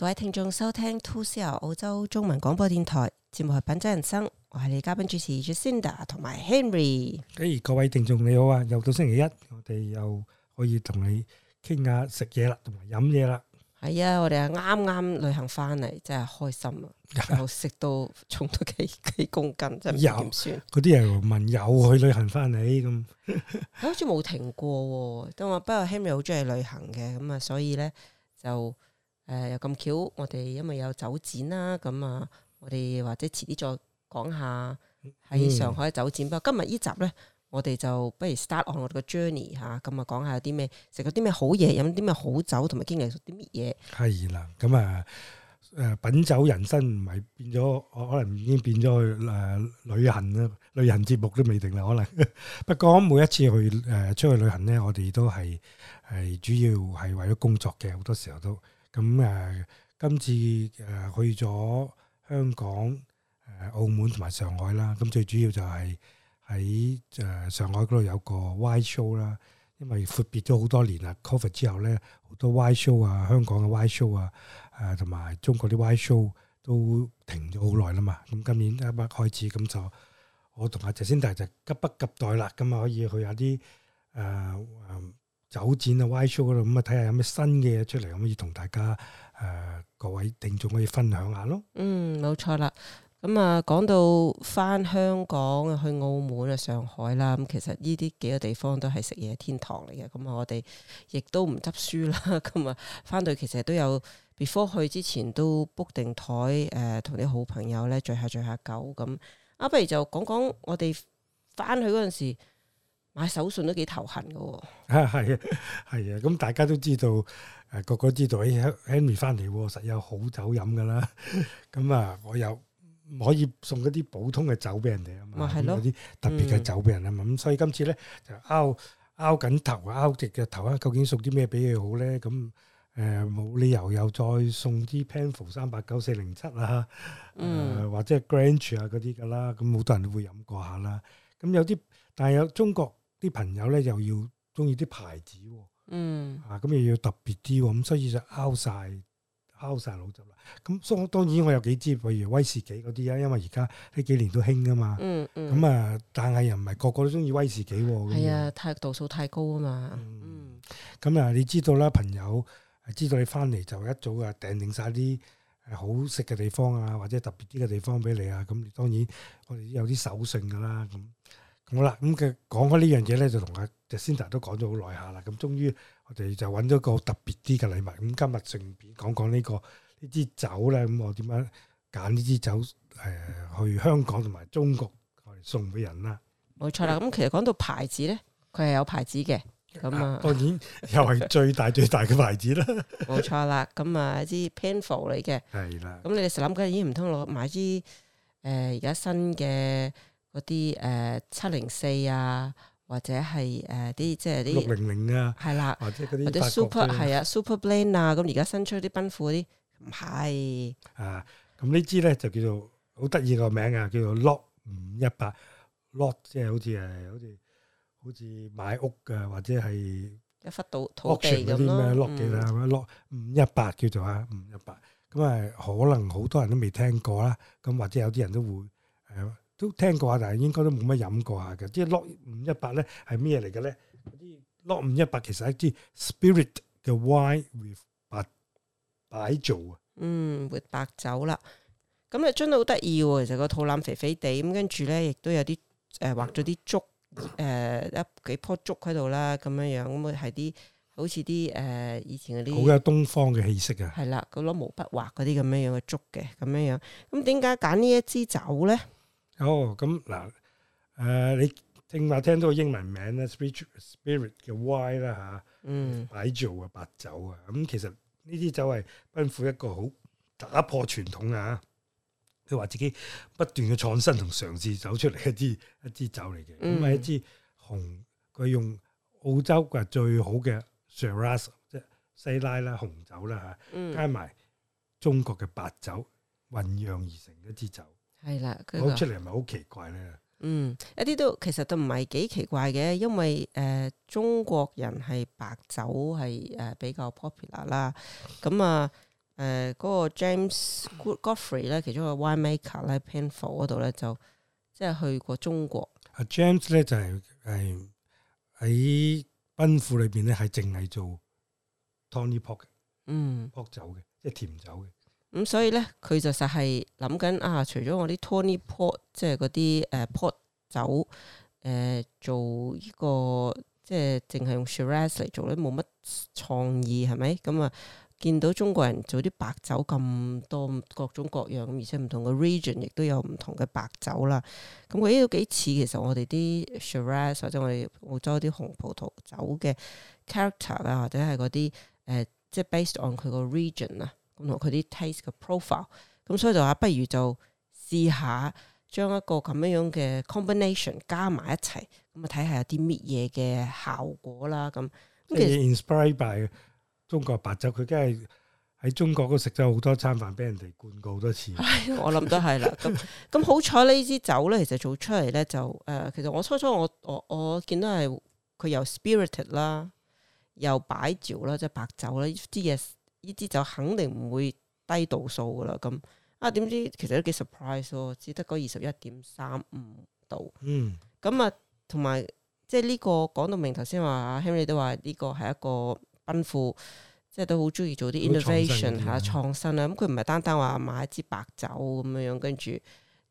各位聽眾收聽 2CR 澳洲中文廣播電台節目係品酒人生，我係你嘉賓主持 Jacinda 同埋 Henry。嘿、哎，各位聽眾你好啊！又到星期一，我哋又可以同你傾下食嘢啦，同埋飲嘢啦。係啊，我哋啊啱啱旅行翻嚟，真係開心啊！ 又食到重咗幾幾公斤，真係點算？嗰啲人問有去旅行翻嚟咁， 好似冇停過、啊。咁啊，不過 Henry 好中意旅行嘅，咁啊，所以咧就。就誒，又咁、呃、巧，我哋因為有酒展啦，咁啊，我哋或者遲啲再講下喺上海嘅酒展。嗯、不過今日呢集咧，我哋就不如 start on 我哋個 journey 吓，咁啊講下有啲咩，食咗啲咩好嘢，飲啲咩好酒，同埋經歷咗啲乜嘢。係啦，咁、嗯、啊，誒、嗯，品酒人生唔係變咗，可能已經變咗去誒旅行啦，旅行節目都未定啦，可能。 不過每一次去誒、呃、出去旅行咧，我哋都係係、呃、主要係為咗工作嘅，好多時候都。咁誒、嗯，今次誒去咗香港、誒澳門同埋上海啦。咁最主要就係喺誒上海嗰度有個 Y show 啦。因為闊別咗好多年啦，COVID 之後咧，好多 Y show 啊、香港嘅 Y show 啊、誒同埋中國啲 Y show 都停咗好耐啦嘛。咁今年一啱開始，咁就我同阿陳先達就急不及待啦，咁啊可以去下啲誒。呃酒展啊、Y Show 嗰度咁啊，睇下有咩新嘅嘢出嚟，可唔可以同大家誒各位聽眾可以分享下咯。嗯，冇錯啦。咁啊，講到翻香港、去澳門啊、上海啦，咁其實呢啲幾個地方都係食嘢天堂嚟嘅。咁我哋亦都唔執輸啦。咁啊，翻到其實都有 before 去之前都 book 定台誒，同、呃、啲好朋友咧聚下聚下舊。咁啊，不如就講講我哋翻去嗰陣時。買手信都幾頭痕噶，啊係啊係啊，咁、嗯、大家知、呃、個個都知道，誒個個知道喺 Henry 翻嚟，實有好酒飲噶啦，咁、 嗯嗯、啊我又我可以送嗰啲普通嘅酒俾人哋啊嘛，嗰啲特別嘅酒俾人啊嘛，咁所以今次咧就拗拗緊頭，拗直嘅頭啊，究竟送啲咩俾佢好咧？咁誒冇理由又再送啲 Penfolds 三八九四零七啊，誒或者 Grange 啊嗰啲噶啦，咁、嗯、好、嗯啊、多人都會飲過下啦，咁有啲但係有中國。啲朋友咧又要中意啲牌子，嗯啊，咁又要特別啲，咁所以就拗晒拗曬腦汁啦。咁所當然我有幾支，譬如威士忌嗰啲啊，因為而家呢幾年都興噶嘛，嗯嗯。咁、嗯、啊，但係又唔係個個都中意威士忌，係啊，太度數太高啊嘛。嗯，咁啊、嗯，你知道啦，朋友，知道你翻嚟就一早啊訂定晒啲好食嘅地方啊，或者特別啲嘅地方俾你啊。咁當然我哋有啲手信噶啦咁。好啦，咁佢講開呢樣嘢咧，就同阿 The Santa 都講咗好耐下啦。咁終於我哋就揾咗個特別啲嘅禮物。咁今日順便講講呢個呢支酒咧。咁我點樣揀呢支酒誒去香港同埋中國送俾人啦？冇錯啦。咁其實講到牌子咧，佢係有牌子嘅。咁啊，當然又係最大最大嘅牌子啦。冇錯啦。咁啊，一支 Penfolds 嚟嘅。係啦。咁你哋諗緊，已經唔通攞買支誒而家新嘅。嗰啲誒七零四啊，或者係誒啲即係啲六零零啊，係啦，或者嗰啲 super 係啊，super blaine 啊，咁而家新出啲奔富嗰啲唔係啊，咁呢支咧就叫做好得意個名啊，叫做 Lot 五一八 Lot，即係好似誒，好似好似買屋嘅，或者係一忽到土地咁咯，Lot 嘅啦，Lot 五一八叫做啊，五一八咁啊，可能好多人都未聽過啦，咁或者有啲人都會誒。呃嗯嗯都聽過下，但係應該都冇乜飲過下嘅。即係 Lot 五一八咧係咩嚟嘅咧？嗰啲 Lot 五一八其實一支 Spirit 嘅 wine with 白白、嗯、白酒啊。嗯，with 白酒啦。咁啊樽好得意喎，其實個肚腩肥肥地咁，跟住咧亦都有啲誒畫咗啲竹誒一、呃、幾樖竹喺度啦，咁樣樣咁啊係啲好似啲誒以前嗰啲好有東方嘅氣息啊。係啦，佢攞毛筆畫嗰啲咁樣樣嘅竹嘅咁樣樣。咁點解揀呢一支酒咧？哦，咁嗱，誒你正話聽到個英文名咧，spirit 嘅 Y 啦嚇，嗯，擺酒嘅白酒啊，咁其實呢支酒係奔富一個好打破傳統啊！佢話自己不斷嘅創新同嘗試走出嚟一支一支酒嚟嘅，咁係一支紅，佢用澳洲嘅最好嘅 Shiraz 即係西拉啦紅酒啦嚇，加埋中國嘅白酒混釀而成一支酒。係啦，攞出嚟係咪好奇怪咧？嗯，一啲都其實都唔係幾奇怪嘅，因為誒中國人係白酒係誒比較 popular 啦。咁啊誒嗰個 James Godfrey 咧，其中一個 winemaker 咧，Penfolds 嗰度咧就即係去過中國。阿 James 咧就係係喺奔富裏邊咧係淨係做 Tawny Port，嗯，Port 酒嘅，即係甜酒嘅。咁、嗯、所以咧，佢就實係諗緊啊！除咗我啲 Tawny Port，r 即係嗰啲誒 Port r 酒，誒、呃、做呢、呢個即係淨係用 Shiraz 嚟做咧，冇乜創意係咪？咁啊，見到中國人做啲白酒咁多各種各樣，咁而且唔同嘅 region 亦都有唔同嘅白酒啦。咁佢呢度幾似其實我哋啲 Shiraz 或者我哋澳洲啲紅葡萄酒嘅 character 啊，或者係嗰啲誒即係 based on 佢個 region 啊。同埋佢啲 taste 嘅 profile，咁所以就話不如就試下將一個咁樣樣嘅 combination 加埋一齊，咁啊睇下有啲乜嘢嘅效果啦。咁，其實 inspired by 中國白酒，佢梗係喺中國都食咗好多餐飯，俾人哋灌過好多次。 我諗都係啦。咁咁好彩呢支酒咧，其實做出嚟咧就誒、呃，其實我初初我我我見到係佢又 spirited 啦，又、就是、白酒啦，即係白酒啦啲嘢。呢支酒肯定唔會低度數噶啦，咁啊點知其實都幾 surprise 喎，只得嗰二十一點三五度。嗯，咁、嗯這個、啊同埋即係呢個講到明頭先話，Henry 都話呢個係一個奔富，即係都好中意做啲 innovation 嚇創新啊。咁佢唔係單單話買一支白酒咁樣，跟住啲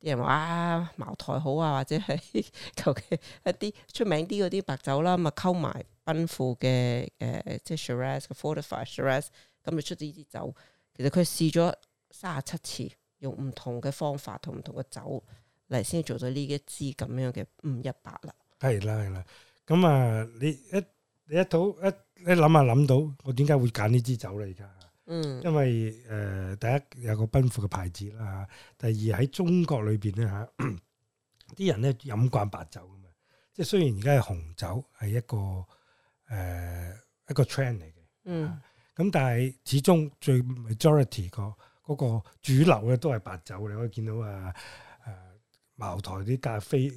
人話啊茅台好啊，或者係求其一啲出名啲嗰啲白酒啦，咁啊溝埋奔富嘅誒即係 Shiraz 嘅 Fortified Shiraz。咁就出咗呢支酒，其實佢試咗三十七次，用唔同嘅方法同唔同嘅酒嚟，先做咗呢一支咁樣嘅五一八啦。係啦係啦，咁啊你一你一到一想一諗下諗到，我點解會揀呢支酒咧？而家嗯，因為誒、呃、第一有一個奔富嘅牌子啦吓，第二喺中國裏邊咧吓，啲人咧飲慣白酒噶嘛，即係雖然而家係紅酒係一個誒、呃、一個 trend 嚟嘅，嗯。咁但係始終最 majority 個嗰個主流嘅都係白酒，你可以見到啊，誒，茅台啲咖啡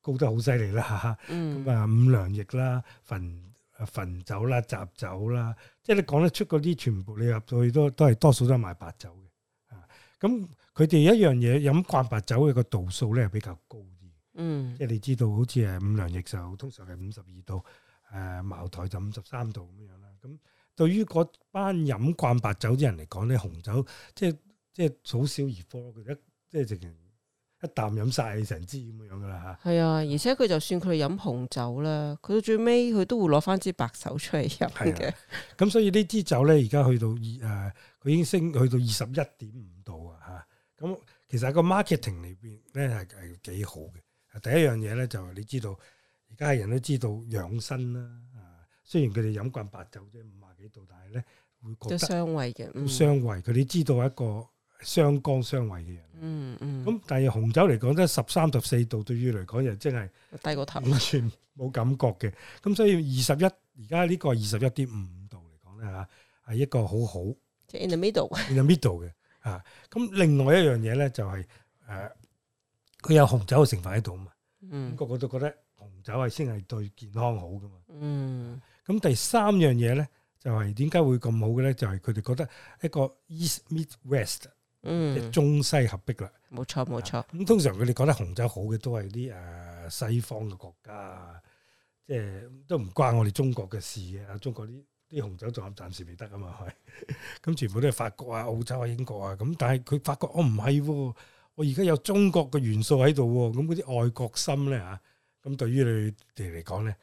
高得好犀利啦，吓，咁啊五糧液啦，汾汾酒啦，雜酒啦，即係你講得出嗰啲全部你入到去都都係多數都係賣白酒嘅，啊，咁佢哋一樣嘢飲慣白酒嘅個度數咧係比較高啲，嗯，即係你知道好似誒五糧液就通常係五十二度，誒，茅台就五十三度咁樣啦，咁。對於嗰班飲慣白酒啲人嚟講咧，紅酒即係即係好少而過，一即係直情一啖飲晒成支咁樣噶啦嚇。係啊，而且佢就算佢哋飲紅酒啦，佢到最尾佢都會攞翻支白酒出嚟飲嘅。咁、啊、所以呢支酒咧，而家去到二誒，佢、啊、已經升去到二十一點五度啊嚇。咁、啊、其實喺個 marketing 裏邊咧係係幾好嘅。第一樣嘢咧就係你知道，而家嘅人都知道養生啦啊，雖然佢哋飲慣白酒啫。幾度？但係咧會覺得都傷胃嘅，都傷胃。佢哋知道一個相當傷胃嘅人。嗯嗯。咁但係紅酒嚟講，得十三十四度，對於嚟講又真係低過頭，完全冇感覺嘅。咁所以二十一，而家呢個二十一點五度嚟講咧吓，係一個好好。即係 in the middle，in the middle 嘅啊。咁另外一樣嘢咧就係誒，佢有紅酒嘅成分喺度啊嘛。嗯。個個都覺得紅酒係先係對健康好噶嘛。嗯。咁第三樣嘢咧。就係點解會咁好嘅咧？就係佢哋覺得一個 East meets West，嗯，即中西合璧啦。冇錯，冇錯。咁、啊、通常佢哋覺得紅酒好嘅都係啲誒西方嘅國家啊，即係都唔關我哋中國嘅事嘅。啊，中國啲啲紅酒仲暫時未得啊嘛，係。咁全部都係法國啊、澳洲啊、英國啊咁。但係佢發覺我唔係喎，我而家有中國嘅元素喺度喎。咁嗰啲愛國心咧嚇，咁、啊、對於你哋嚟講咧。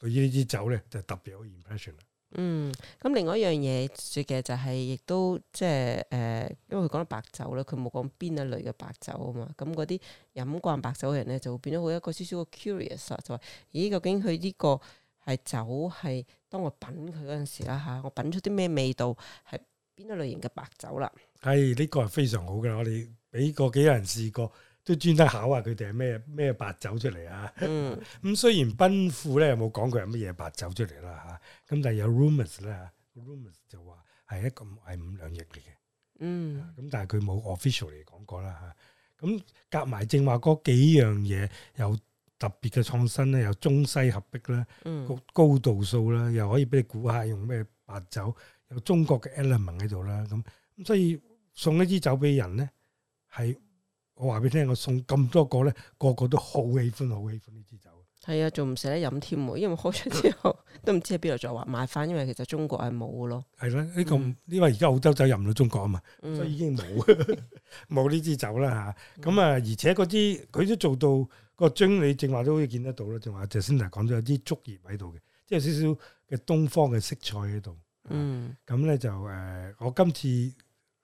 佢呢支酒咧就特別有 impression 啦。嗯，咁另外一樣嘢說嘅就係、係，亦都即係誒，因為佢講白酒啦，佢冇講邊一類嘅白酒啊嘛。咁嗰啲飲慣白酒嘅人咧，就會變咗好一個少少嘅 curious，就、啊、話：咦，究竟佢呢個係酒係？當我品佢嗰陣時啦嚇、啊，我品出啲咩味道？係邊一類型嘅白酒啦？係呢、這個係非常好嘅，我哋俾過幾個人試過。都專登考下佢哋係咩咩白酒出嚟啊！咁、嗯、雖然奔富咧冇講佢係乜嘢白酒出嚟啦嚇，咁、啊、但係有 rumors 啦，rumors 就話係一個係五糧液嚟嘅，咁、嗯、但係佢冇 official 嚟講過啦嚇。咁夾埋正話嗰幾樣嘢有特別嘅創新咧，有中西合璧啦，嗯、高度數啦，又可以俾你估下用咩白酒，有中國嘅 element 喺度啦，咁、啊、所以送一支酒俾人咧係。我話俾你聽，我送咁多個咧，個個都好喜歡，好喜歡呢支酒。係啊，仲唔捨得飲添，因為開咗之後都唔知喺邊度再話買翻，因為其實中國係冇咯。係啦、啊，呢、這個、嗯、因為而家澳洲酒入唔到中國啊嘛，嗯、所以已經冇冇呢支酒啦吓。咁啊、嗯，而且嗰啲佢都做到、那個樽，你正話都可以見得到啦。正話 Jacinda 講咗有啲竹葉喺度嘅，即係少少嘅東方嘅色彩喺度。嗯，咁咧、嗯、就誒、呃，我今次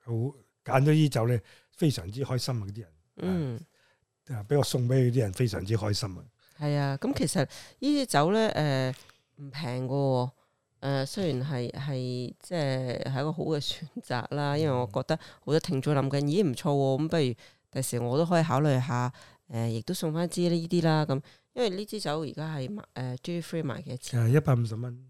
好揀咗呢支酒咧，非常之開心啊！嗰啲人。嗯，俾、啊、我送俾佢啲人非常之開心啊！係啊，咁、嗯、其實呢支酒咧，誒唔平嘅，誒、啊呃、雖然係係即係係一個好嘅選擇啦，因為我覺得好多聽眾諗緊，咦唔錯喎，咁、嗯、不如第時我都可以考慮下，誒、呃、亦都送翻支呢啲啦，咁、嗯、因為呢支酒而家係誒 G Three 賣幾多錢？誒一百五十蚊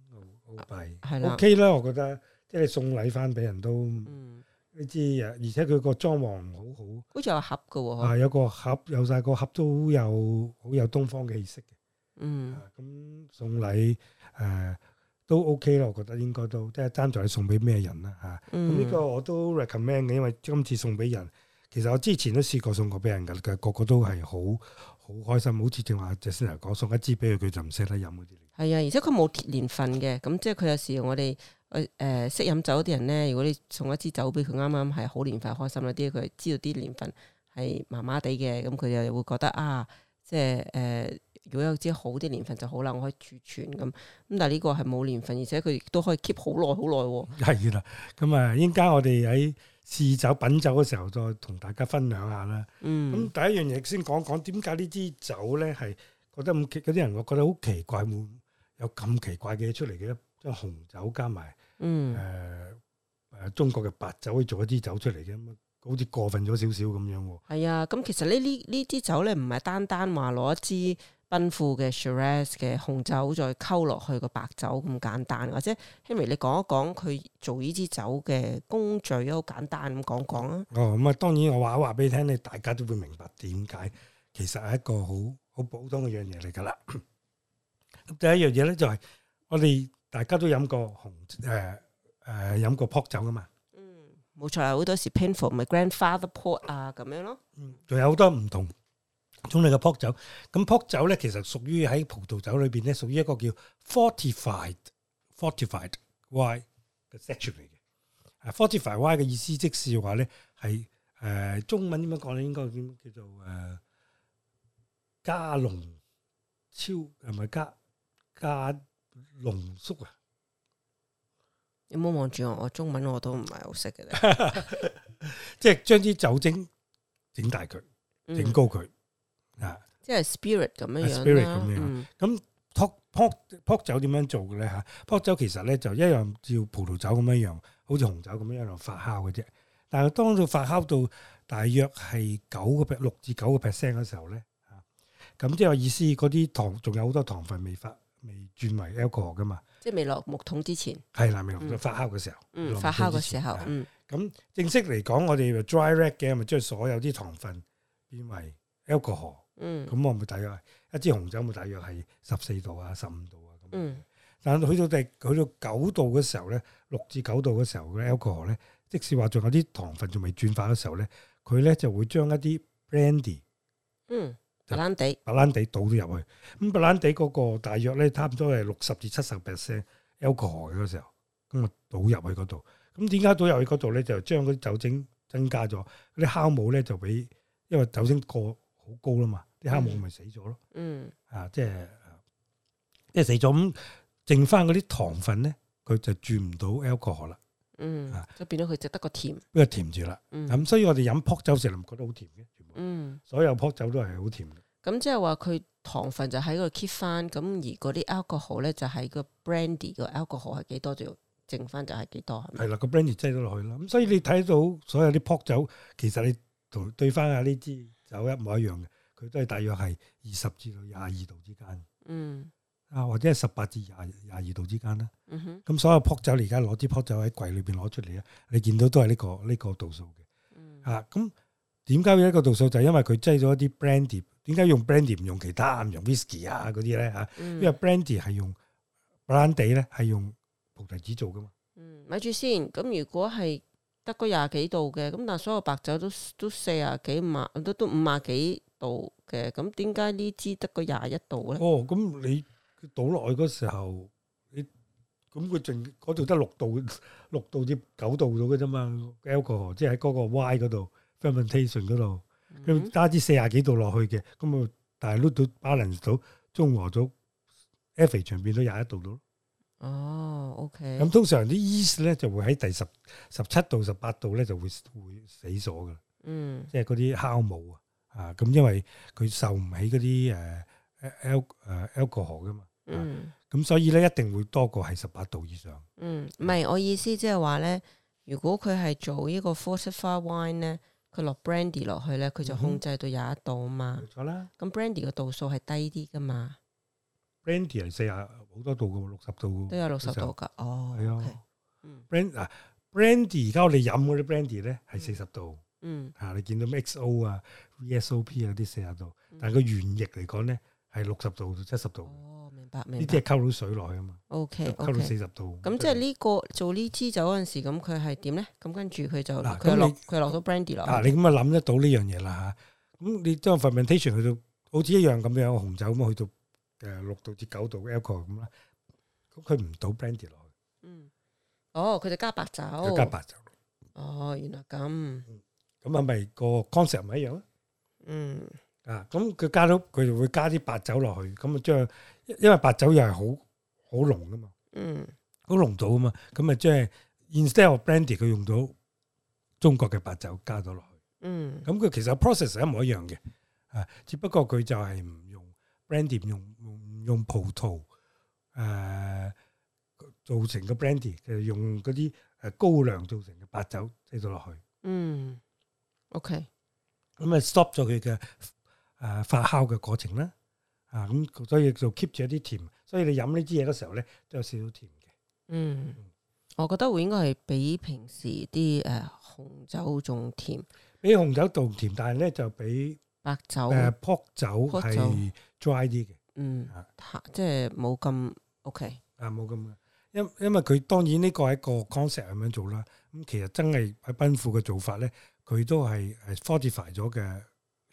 澳幣係啦，OK 啦，我覺得即係送禮翻俾人都嗯。嗯一支啊，而且佢個裝潢好好，好似有盒噶、哦，啊，有個盒，有晒個盒都有好有東方嘅氣息嘅，嗯，咁、啊、送禮誒、啊、都 OK 咯，我覺得應該都，即係爭在你送俾咩人啦吓，咁呢、嗯啊這個我都 recommend 嘅，因為今次送俾人，其實我之前都試過送過俾人噶，個個都係好好開心，好似正話謝先嚟講，送一支俾佢，佢就唔捨得飲嗰啲，係、嗯、啊，而且佢冇年份嘅，咁即係佢有時我哋。誒、哎、誒，識飲酒啲人咧，如果你送一支酒俾佢，啱啱係好年份，開心一啲，佢知道啲年份係麻麻地嘅，咁佢又會覺得啊，即係誒，如果有支好啲年份就好啦，我可以儲存咁。咁但係呢個係冇年份，而且佢亦都可以 keep 好耐好耐。係啦，咁啊，應該、欸嗯、我哋喺試酒品酒嘅時候，再同大家分享下啦。嗯。咁第一樣嘢先講講，點解呢支酒咧係覺得咁啲人我覺得好奇怪，有咁奇怪嘅嘢出嚟嘅。將紅酒加埋，誒誒、嗯呃，中國嘅白酒去做一支酒出嚟啫，好似過分咗少少咁樣。係啊，咁、嗯、其實呢呢呢支酒咧，唔係單單話攞一支奔富嘅 Shiraz 嘅紅酒再溝落去個白酒咁簡單，或者 Henry 你講一講佢做呢支酒嘅工序都簡單，咁講講啊。哦、咁、嗯、啊，當然我話話俾你聽，你大家都會明白點解，其實係一個好好普通嘅樣嘢嚟噶啦。第一樣嘢咧就係我哋。大家都飲過紅誒誒飲過砵酒噶嘛？嗯，冇錯，好多時 Penfolds 咪 grandfather port 啊咁樣咯。嗯，仲有好多唔同種類嘅砵酒。咁砵酒咧，其實屬於喺葡萄酒裏邊咧，屬於一個叫 fortified fortified wine 嘅 section 嚟嘅。啊，fortified wine 嘅意思即是話咧，係誒中文點樣講咧？應該點叫做誒加濃超同埋加加。濃縮啊！有冇望住我？我中文我都唔係好識嘅咧， 即係將啲酒精整大佢，整高佢、嗯、啊！即係 spirit 咁樣 spirit 樣，spirit 咁樣。咁 pok pok pok 酒點樣做嘅咧？吓，pok 酒其實咧就一樣照葡萄酒咁樣樣，好似紅酒咁樣樣發酵嘅啫。但係當佢發酵到大約係九個 per 六至九個 percent 嘅時候咧，吓咁即係意思，嗰啲糖仲有好多糖分未發。未轉為 alcohol 㗎嘛？即係未落木桶之前，係啦，未落發酵嘅時候，嗯、發酵嘅時候。咁、嗯、正式嚟講，我哋 dry red 嘅咪將所有啲糖分變為 alcohol。嗯，咁我咪大約一支紅酒，咪大約係十四度啊，十五度啊。嗯。但係去到第去到九度嘅時候咧，六至九度嘅時候嘅 alcohol 咧、嗯，即使話仲有啲糖分仲未轉化嘅時候咧，佢咧就會將一啲 brandy。嗯。白蘭地，白蘭地倒咗入去，咁白蘭地嗰個大約咧，差唔多係六十至七十 percent alcohol 嘅嗰時候，咁啊倒入去嗰度，咁點解倒入去嗰度咧？就將嗰啲酒精增加咗，啲酵母咧就俾因為酒精過好高啦嘛，啲酵母咪死咗咯。嗯。啊，即係即係死咗，咁剩翻嗰啲糖分咧，佢就轉唔到 alcohol 啦。嗯。啊，就變咗佢值得個甜。因就甜住啦。嗯。咁、嗯、所以我哋飲砵酒成日咪覺得好甜嘅。嗯，所有砵酒都係好甜嘅。咁、嗯、即係話佢糖分就喺度 keep 翻，咁而嗰啲 Alcohol 咧就喺、是、個 brandy 個 Alcohol 係幾多就剩翻就係幾多，係咪？係啦，個 brandy 擠咗落去咯。咁所以你睇到所有啲砵酒，其實你同對翻下呢支酒一模一樣嘅，佢都係大約係二十至到廿二度之間。嗯，啊或者係十八至廿廿二度之間啦。哼，咁所有砵酒你而家攞支砵酒喺櫃裏邊攞出嚟咧，你見到都係呢個呢個度數嘅。嗯，咁。點解要一個度數？就係因為佢擠咗一啲 brandy。點解用 brandy 唔用其他，唔用 whisky 啊嗰啲咧嚇？因為 brandy 係用 brandy 咧，係用菩提子做噶嘛。嗯，咪住先。咁如果係得個廿幾度嘅，咁但係所有白酒都都四啊幾五啊都都五啊幾度嘅，咁點解呢支得個廿一度咧？哦，咁你倒落去嗰時候，你咁佢淨嗰度得六度，六度至九度到嘅啫嘛。Alco 即係喺嗰個 Y 嗰度。fermentation 嗰度，度，咁加啲四廿幾度落去嘅，咁啊，但係 look 到 balance 到，中和咗，every 場面都廿一度到。哦，OK。咁通常啲 yeast 咧就會喺第十十七度、十八度咧就會會死咗噶。嗯。即係嗰啲酵母啊，啊，啊咁，因為佢受唔起嗰啲誒 L 誒 L 過河噶嘛。嗯、啊。咁、啊啊啊、所以咧，一定會多過係十八度以上。嗯，唔、嗯、係我意思，即係話咧，如果佢係做呢個 fortify wine 咧。佢落 brandy 落去咧，佢就控制到廿一度啊嘛。冇錯啦。咁 brandy 個度數係低啲噶嘛？brandy 係四啊好多度噶，六十度都有六十度噶，哦。係啊，brandy 啊，brandy 而家我哋飲嗰啲 brandy 咧係四十度。嗯。吓，你見到 XO 啊，VSOP 啊啲四十度，但係個原液嚟講咧。係六十度到七十度。哦，明白明白。呢啲係溝到水落去啊嘛。O K O K。溝到四十度。咁即係呢個做呢支酒嗰陣時，咁佢係點咧？咁跟住佢就佢落佢落咗 brandy 落。啊，你咁啊諗得到呢樣嘢啦嚇。咁你將 fermentation 去到好似一樣咁樣紅酒咁啊，去到誒六度至九度 alcohol 咁啦。咁佢唔倒 brandy 落去。嗯，哦，佢就加白酒。加白酒。哦，原來咁。咁係咪個 concept 咪一樣咯。嗯。啊，咁佢加到佢就會加啲白酒落去，咁啊將，嗯、因為白酒又係好好濃噶嘛，嗯，好濃度啊嘛，咁啊即係 instead of brandy 佢用到中國嘅白酒加咗落去，嗯，咁佢其實 process、er、一模一樣嘅，啊，只不過佢就係唔用 brandy，唔用用用葡萄誒、啊、造成嘅 brandy，就係用嗰啲誒高粱做成嘅白酒加咗落去，嗯，OK，咁啊 stop 咗佢嘅。誒，發酵嘅過程啦，啊咁，所以就 keep 住一啲甜，所以你飲呢支嘢嘅時候咧，都有少少甜嘅。嗯，我覺得會應該係比平時啲誒紅酒仲甜，比紅酒仲甜，但係咧就比白酒誒葡酒係 dry 啲嘅。嗯，即係冇咁 OK，啊冇咁，因因為佢當然呢個係一個 concept 咁樣做啦。咁其實真係喺奔富嘅做法咧，佢都係誒 fortify 咗嘅。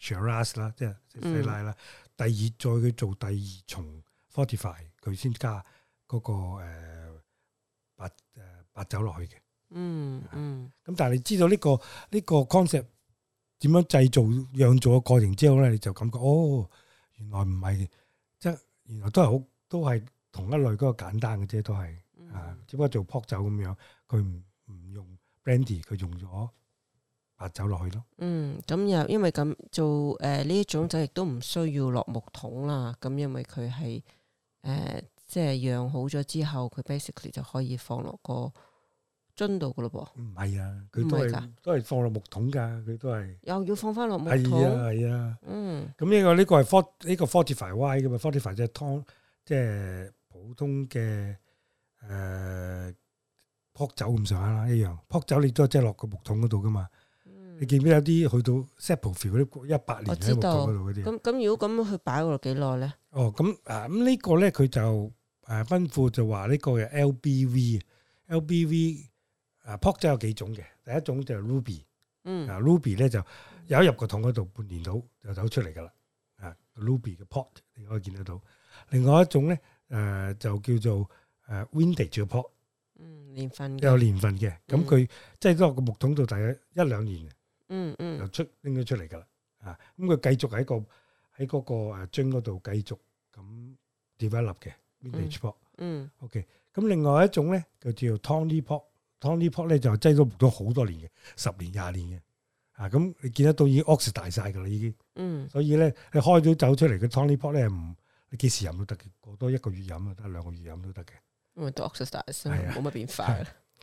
Shiraz 啦，即係西拉啦。第二再去做第二重 fortify，佢先加嗰個誒白誒白酒落去嘅。嗯。嗯嗯。咁但係你知道呢個呢個 concept 點樣製造釀造嘅過程之後咧，你就感覺哦，原來唔係即係原來都係好都係同一類嗰個簡單嘅啫，都係啊，嗯，只不過做泡酒咁樣，佢唔唔用 brandy，佢用咗。拍走落去咯。嗯，咁又因為咁做誒呢一種就亦都唔需要落木桶啦。咁因為佢係誒即係釀好咗之後，佢 basically 就可以放落個樽度噶咯噃。唔係啊，佢都係都係放落木桶噶，佢都係又要放翻落木桶。係啊，係啊。嗯，嗯。咁呢個呢個係 fort 呢個 fortify way 噶嘛？fortify 即係湯，即係普通嘅誒砵酒咁上下啦，一樣砵酒你都即係落個木桶嗰度噶嘛。你見唔見有啲去到 Seppeltsfield 啲一百年喺木桶嗰度嗰啲？咁咁如果咁佢擺喺度幾耐咧？哦，咁、嗯嗯嗯這個、啊咁呢個咧佢就誒吩咐就話呢個嘅 LBV，LBV 啊 port 就有幾種嘅，第一種就係 ruby，啊 ruby 咧就有一入個桶嗰度半年到就走出嚟㗎啦，啊 ruby 嘅 port 你可以見得到。另外一種咧誒、啊、就叫做誒 vintage port，嗯年份，有年份嘅。咁佢、嗯、即係都喺個木桶度大概一兩年。嗯嗯，又出拎咗出嚟噶啦，啊咁佢、嗯嗯、繼續喺個喺嗰個樽嗰度繼續咁 develop 嘅 Vintage Port，嗯，嗯，OK，咁另外一種咧就叫 Tawny Port，Tawny Port 咧就擠咗木桶好多年嘅，十年廿年嘅，啊咁、嗯啊、你見得到已經 oxidize 大晒噶啦已經，嗯，所以咧你開咗酒出嚟嘅 Tawny Port 咧唔，你幾時飲都得，嘅，過多一個月飲啊，得兩個月飲都得嘅，冇乜變化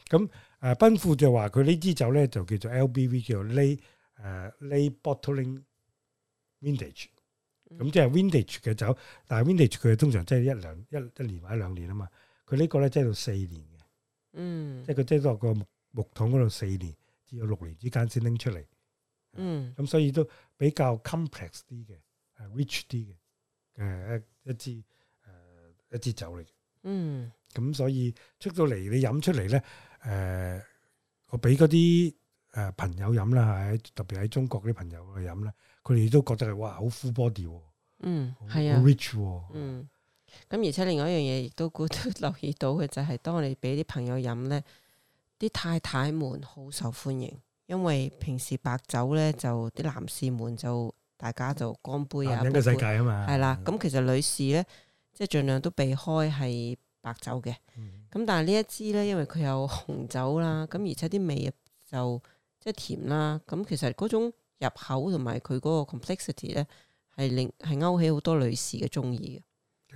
咁。誒奔、呃、富就話佢呢支酒咧就叫做 L.B.V 叫做 lay,、uh, lay 誒 lay bottling vintage，咁、嗯、即係 vintage 嘅酒，但係 vintage 佢通常即係一兩一一年或者兩年啊嘛，佢呢個咧即係到四年嘅，嗯，即係佢即係到個木桶嗰度四年至到六年之間先拎出嚟，嗯，咁所以都比較 complex 啲嘅，係、uh, rich 啲嘅，誒、uh, 一、uh, 一支誒一支酒嚟嘅，嗯，咁、嗯、所以出到嚟你飲出嚟咧。誒、呃，我俾嗰啲誒朋友飲啦，喺特別喺中國啲朋友去飲啦，佢哋都覺得係哇好 full body，嗯，係啊，好 rich，嗯，咁而且另外一樣嘢亦都估到留意到，嘅就係、是、當我哋俾啲朋友飲咧，啲太太們好受歡迎，因為平時白酒咧就啲男士們就大家就乾杯啊，飲個世界啊嘛，係啦，咁其實女士咧即係盡量都避開係白酒嘅。嗯咁但係呢一支咧，因為佢有紅酒啦，咁而且啲味就即係甜啦。咁其實嗰種入口同埋佢嗰個 complexity 咧，係令係勾起好多女士嘅中意嘅。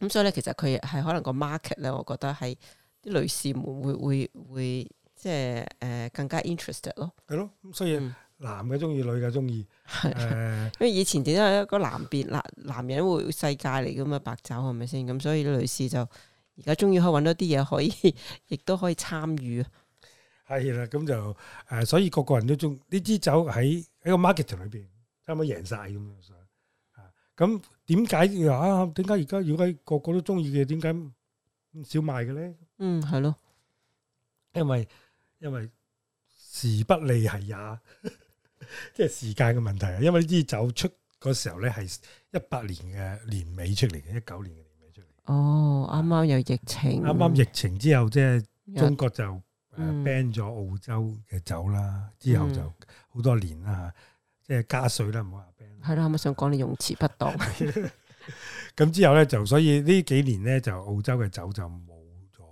咁 Yeah. 所以咧，其實佢係可能個 market 咧，我覺得係啲女士們會會會即係誒更加 interested 咯。係咯，咁所以男嘅中意，女嘅中意，係、 呃、 因為以前點解一個男變男 男人會世界嚟嘅嘛，白酒係咪先？咁所以啲女士就。而家終於可以揾到啲嘢可以，亦都可以參與啊，係啦，咁就誒、呃，所以個個人都中呢支酒喺喺個 market 裏邊，差唔多贏晒咁樣想啊，咁點解啊？點解而家如果係個個都中意嘅，點解咁少賣嘅咧？嗯，係咯，因為因為時不利係也，即 係時間嘅問題啊，因為呢支酒出嗰時候咧係一八年嘅年尾出嚟嘅，一九年，年。哦，啱啱有疫情，啱啱疫情之後，即係有中國就 ban 咗澳洲嘅酒啦。嗯、之後就好多年啦，即係加稅啦，唔好話 ban。係咯，我咪想講你用詞不當 。咁之後咧，就所以呢幾年咧，就澳洲嘅酒就冇咗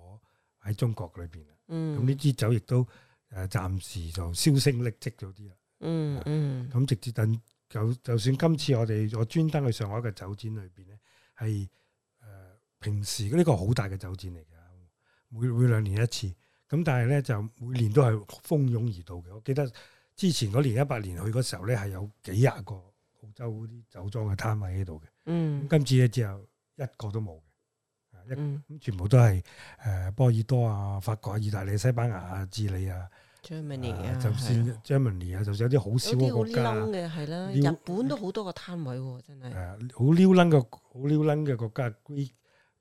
喺中國裏邊啦。咁呢支酒亦都誒暫時就銷聲匿跡咗啲啦。嗯嗯。咁、嗯、直接等就就算今次我哋我專登去上海嘅酒展裏邊咧，係。平時呢、呢個好大嘅酒店嚟嘅，每每兩年一次，咁但係咧就每年都係蜂擁而到嘅。我記得之前嗰年一八年去嗰時候咧，係有幾廿個澳洲嗰啲酒莊嘅攤位喺度嘅。嗯，今次咧只有一個都冇嘅，一全部都係誒波爾多啊、法國啊、意大利、西班牙啊、智利啊、Germany 啊，就算 Germany 啊，就算有啲好少嘅國家啦，日本都好多個攤位喎，真係。係啊，好僆嘅，好僆嘅國家。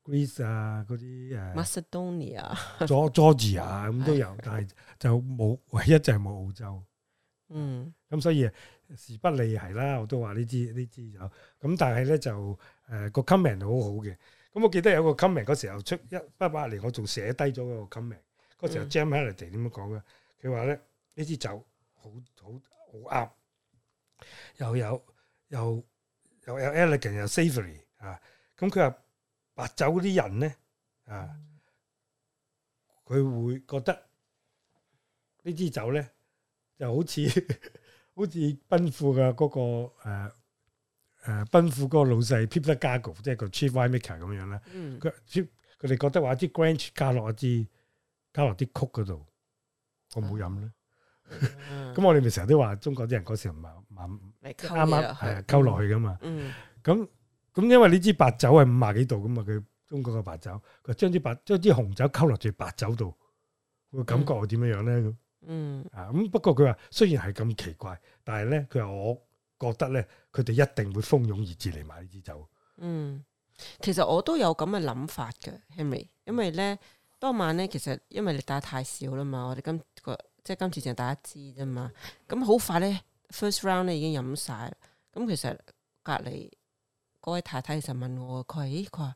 Greece 啊，嗰啲誒，馬其頓尼亞、佐佐治亞咁都有，但係就冇唯一就係冇澳洲。嗯，咁所以事不利係啦，我都話呢支呢支酒。咁但係咧就誒個 comment 好好嘅。咁我記得有個 comment 嗰時候出一八八零，我仲寫低咗個 comment。嗰時候 James Halliday 點樣講咧？佢話咧呢支酒好好好啱，又有又又有 elegant 又 savory 啊！咁佢話。白酒嗰啲人咧，啊，佢會覺得呢支酒咧就好似 好似奔富嘅嗰、那個誒奔、呃呃、富嗰個老細 Peter Gago，即係個 Chief Winemaker 咁樣啦。佢佢哋覺得話啲 Grange 加落一支，加落啲曲嗰度，我冇飲啦。咁我哋咪成日都話中國啲人嗰時唔係唔啱，啱係啊，溝落去噶嘛。咁。咁因為呢支白酒係五廿幾度㗎嘛，佢中國嘅白酒，佢將支白將支紅酒溝落住白酒度，個、嗯、感覺係點樣樣咧？嗯，啊咁不過佢話雖然係咁奇怪，但係咧佢話我覺得咧，佢哋一定會蜂擁而至嚟買呢支酒。嗯，其實我都有咁嘅諗法嘅，Henry，因為咧當晚咧其實因為你打太少啦嘛，我哋今個即係今次淨係打一支啫嘛，咁好快咧 first round 已經飲晒。咁其實隔離。嗰位太太就問我，佢係，佢話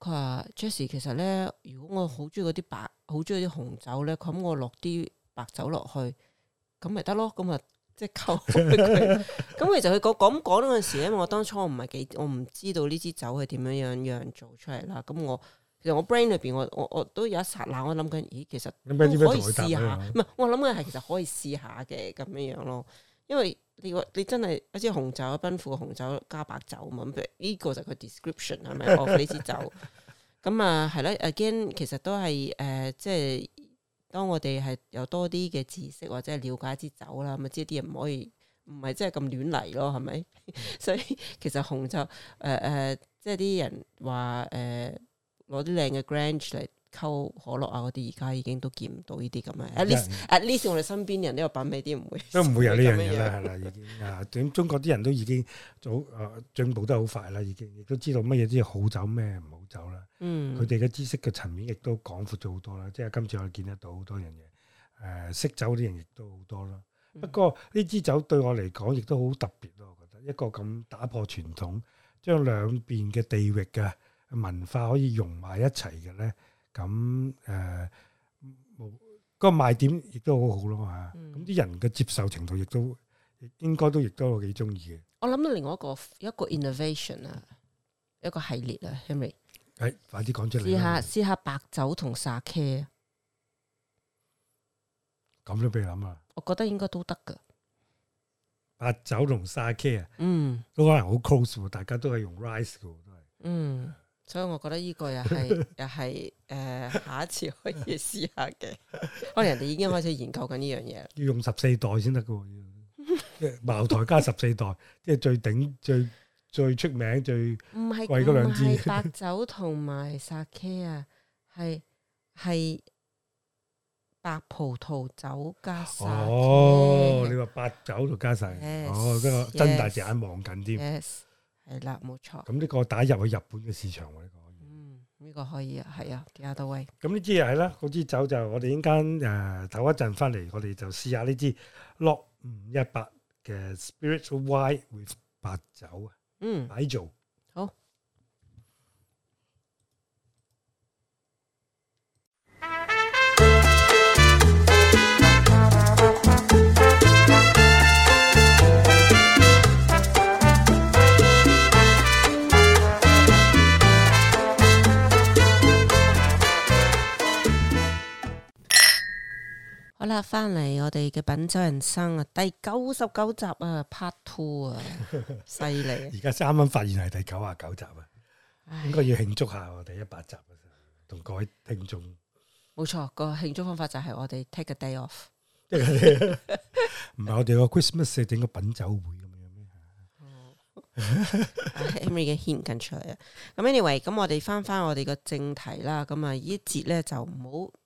佢話 Jesse，i 其實咧，如果我好中意嗰啲白，好中意啲紅酒咧，咁我落啲白酒落去，咁咪得咯，咁啊即係溝佢。咁其實佢講講嗰陣時咧，我當初唔係幾，我唔知道呢支酒係點樣樣樣做出嚟啦。咁我其實我 brain 裏邊，我我我都有一剎那，我諗緊，咦，其實都可以試下。唔係，我諗嘅係其實可以試下嘅咁樣樣咯，因為。你你真係一支紅酒，奔富嘅紅酒加白酒嘛？咁譬如呢、這個就係個 description 係咪？哦呢支酒咁、嗯、啊，係啦。Again，其實都係誒、呃，即係當我哋係有多啲嘅知識或者係了解支酒啦，咁啊，知啲嘢唔可以，唔係真係咁亂嚟咯，係咪？ 所以其實紅酒誒誒、呃，即係啲人話誒，攞啲靚嘅 Grange 嚟。溝可樂啊！嗰啲而家已經都見唔到呢啲咁啊！at least at least 我哋身邊人都有品味啲，唔會都唔會有呢樣嘢啦，係啦， 已經啊點中國啲人都已經早啊、呃、進步得好快啦，已經亦都知道乜嘢啲好酒咩唔好酒啦。佢哋嘅知識嘅層面亦都廣闊咗好多啦。即係今次我見得到好多樣嘢，誒、呃、識酒啲人亦都好多啦。嗯、不過呢支酒對我嚟講亦都好特別咯。我覺得一個咁打破傳統，將兩邊嘅地域嘅文化可以融埋一齊嘅咧。咁誒，嗰個賣點亦都好好咯嘛，咁啲人嘅接受程度亦都應該都亦都有幾中意嘅。我諗到另外一個一個 innovation 啊，一個系列啊，Henry。誒，快啲講出嚟。試下試下白酒同 sake，咁都俾你諗啊。我覺得應該都得噶。白酒同 sake 啊，嗯，都可能好 close 喎，大家都係用 rice 嘅喎都係，嗯。所以，我覺得呢個 又係又係誒，下一次可以試下嘅。可能人哋已經開始研究緊呢樣嘢。要用十四代先得㗎喎，茅台 加十四代， 即係最頂、最最出名、最唔係咁。唔係 白酒同埋 Sake 啊，係係白葡萄酒加 Sake 哦，你話白酒就加晒，yes，哦，跟住睜大隻眼望緊啲。係啦，冇錯。咁呢個打入去日本嘅市場喎，呢、這個可以。嗯，呢個可以，啊，係啊，其他都威。咁呢支又係啦，嗰支酒就我哋呢間誒，頭一陣翻嚟，我哋就試下呢支 Lot 518嘅 Spirited Wine with 白酒啊。嗯，擺做、嗯。嗯嗯好啦，翻嚟我哋嘅品酒人生啊，第九十九集啊，Part Two 啊，犀利！啊！而家啱啱發現係第九啊九集啊，唉 應該要慶祝下我哋一百集啊，同各位聽眾。冇錯，個慶祝方法就係我哋 take a day off，唔係 我哋個 Christmas 整個品酒會咁樣咩？啊，Henry 嘅 hint 緊出嚟啊！咁 anyway，咁我哋翻翻我哋個正題啦，咁啊呢節咧就唔好。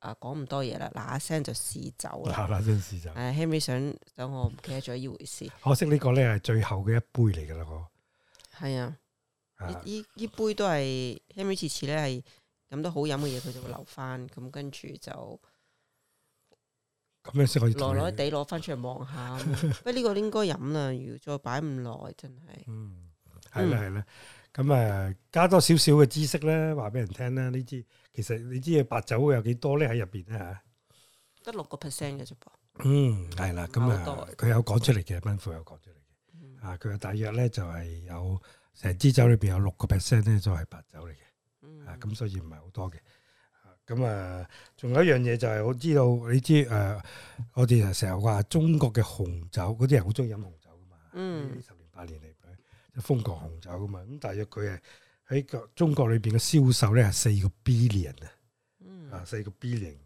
啊，講唔多嘢啦，嗱一聲就試酒啦，嗱嗱聲試酒。係、啊、Henry 想，等我唔記得咗呢回事。可惜呢個咧係最後嘅一杯嚟噶啦，我、嗯。係啊，呢依、啊、杯都係 Henry 次次咧係飲到好飲嘅嘢，佢就會留翻，咁 跟住就咁樣先可以。耐耐地攞翻出嚟望下，喂，呢個應該飲啦，如果再擺唔耐，真係。嗯，係啦，係啦。咁啊，加多少少嘅知識咧，話俾人聽啦。呢支其實你知嘅白酒有幾多咧喺入邊咧嚇？得六個 percent 嘅啫噃。嗯，係啦，咁啊，佢有講出嚟嘅，奔富有講出嚟嘅。啊，佢話大約咧就係有成支酒裏邊有六個 percent 咧，就係白酒嚟嘅。啊，咁所以唔係好多嘅。咁啊，仲有一樣嘢就係、是、我知道，你知誒、呃，我哋啊成日話中國嘅紅酒，嗰啲人好中意飲紅酒噶嘛。嗯，十年八年嚟。風狂紅酒噶嘛，咁大約佢係喺中國裏邊嘅銷售咧係四個 billion、嗯、啊，啊四個 billion，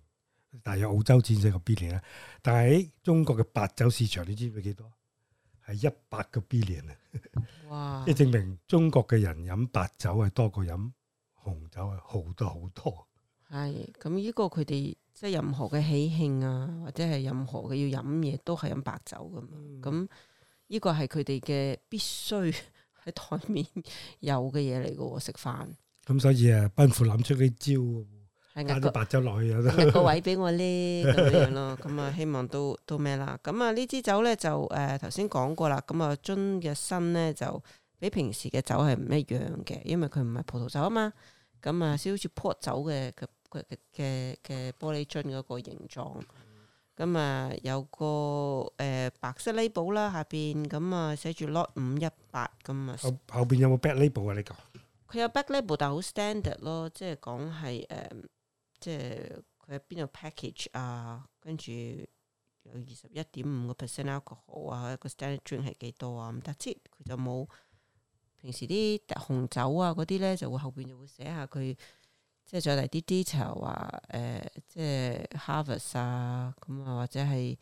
大約澳洲佔四個 billion 啊，但係喺中國嘅白酒市場，你知唔知幾多？係一百個 billion 啊！ 哇！即係證明中國嘅人飲白酒係多過飲紅酒啊，好多好多。係咁，呢個佢哋即係任何嘅喜慶啊，或者係任何嘅要飲嘢都係飲白酒噶嘛。咁呢、嗯、個係佢哋嘅必須。喺台面有嘅嘢嚟嘅喎，食飯。咁所以啊，奔富諗出啲招，嗌啲白酒落去啊，得 個位俾我咧咁樣咯。咁啊，希望都都咩啦？咁啊，呢支酒咧就誒，頭先講過啦。咁啊，樽嘅身咧就比平時嘅酒係唔一樣嘅，因為佢唔係葡萄酒啊嘛。咁啊，似好似 port 酒嘅嘅嘅嘅玻璃樽嗰個形狀。咁啊、嗯，有個誒、呃、白色 label 啦，下邊咁啊寫住 Lot 五一八咁啊。後後邊有冇 back label 啊？呢個佢有 back label，但係好 standard 咯，即係講係誒，即係佢喺邊度 package 啊，跟住有二十一點五個 percent alcohol 啊，一個 standard drink 係幾多啊？唔得接佢就冇。平時啲紅酒啊嗰啲咧，就會後邊就會寫下佢。即係再嚟啲 detail 啊，誒、呃，即係 harvest 啊，咁啊，或者係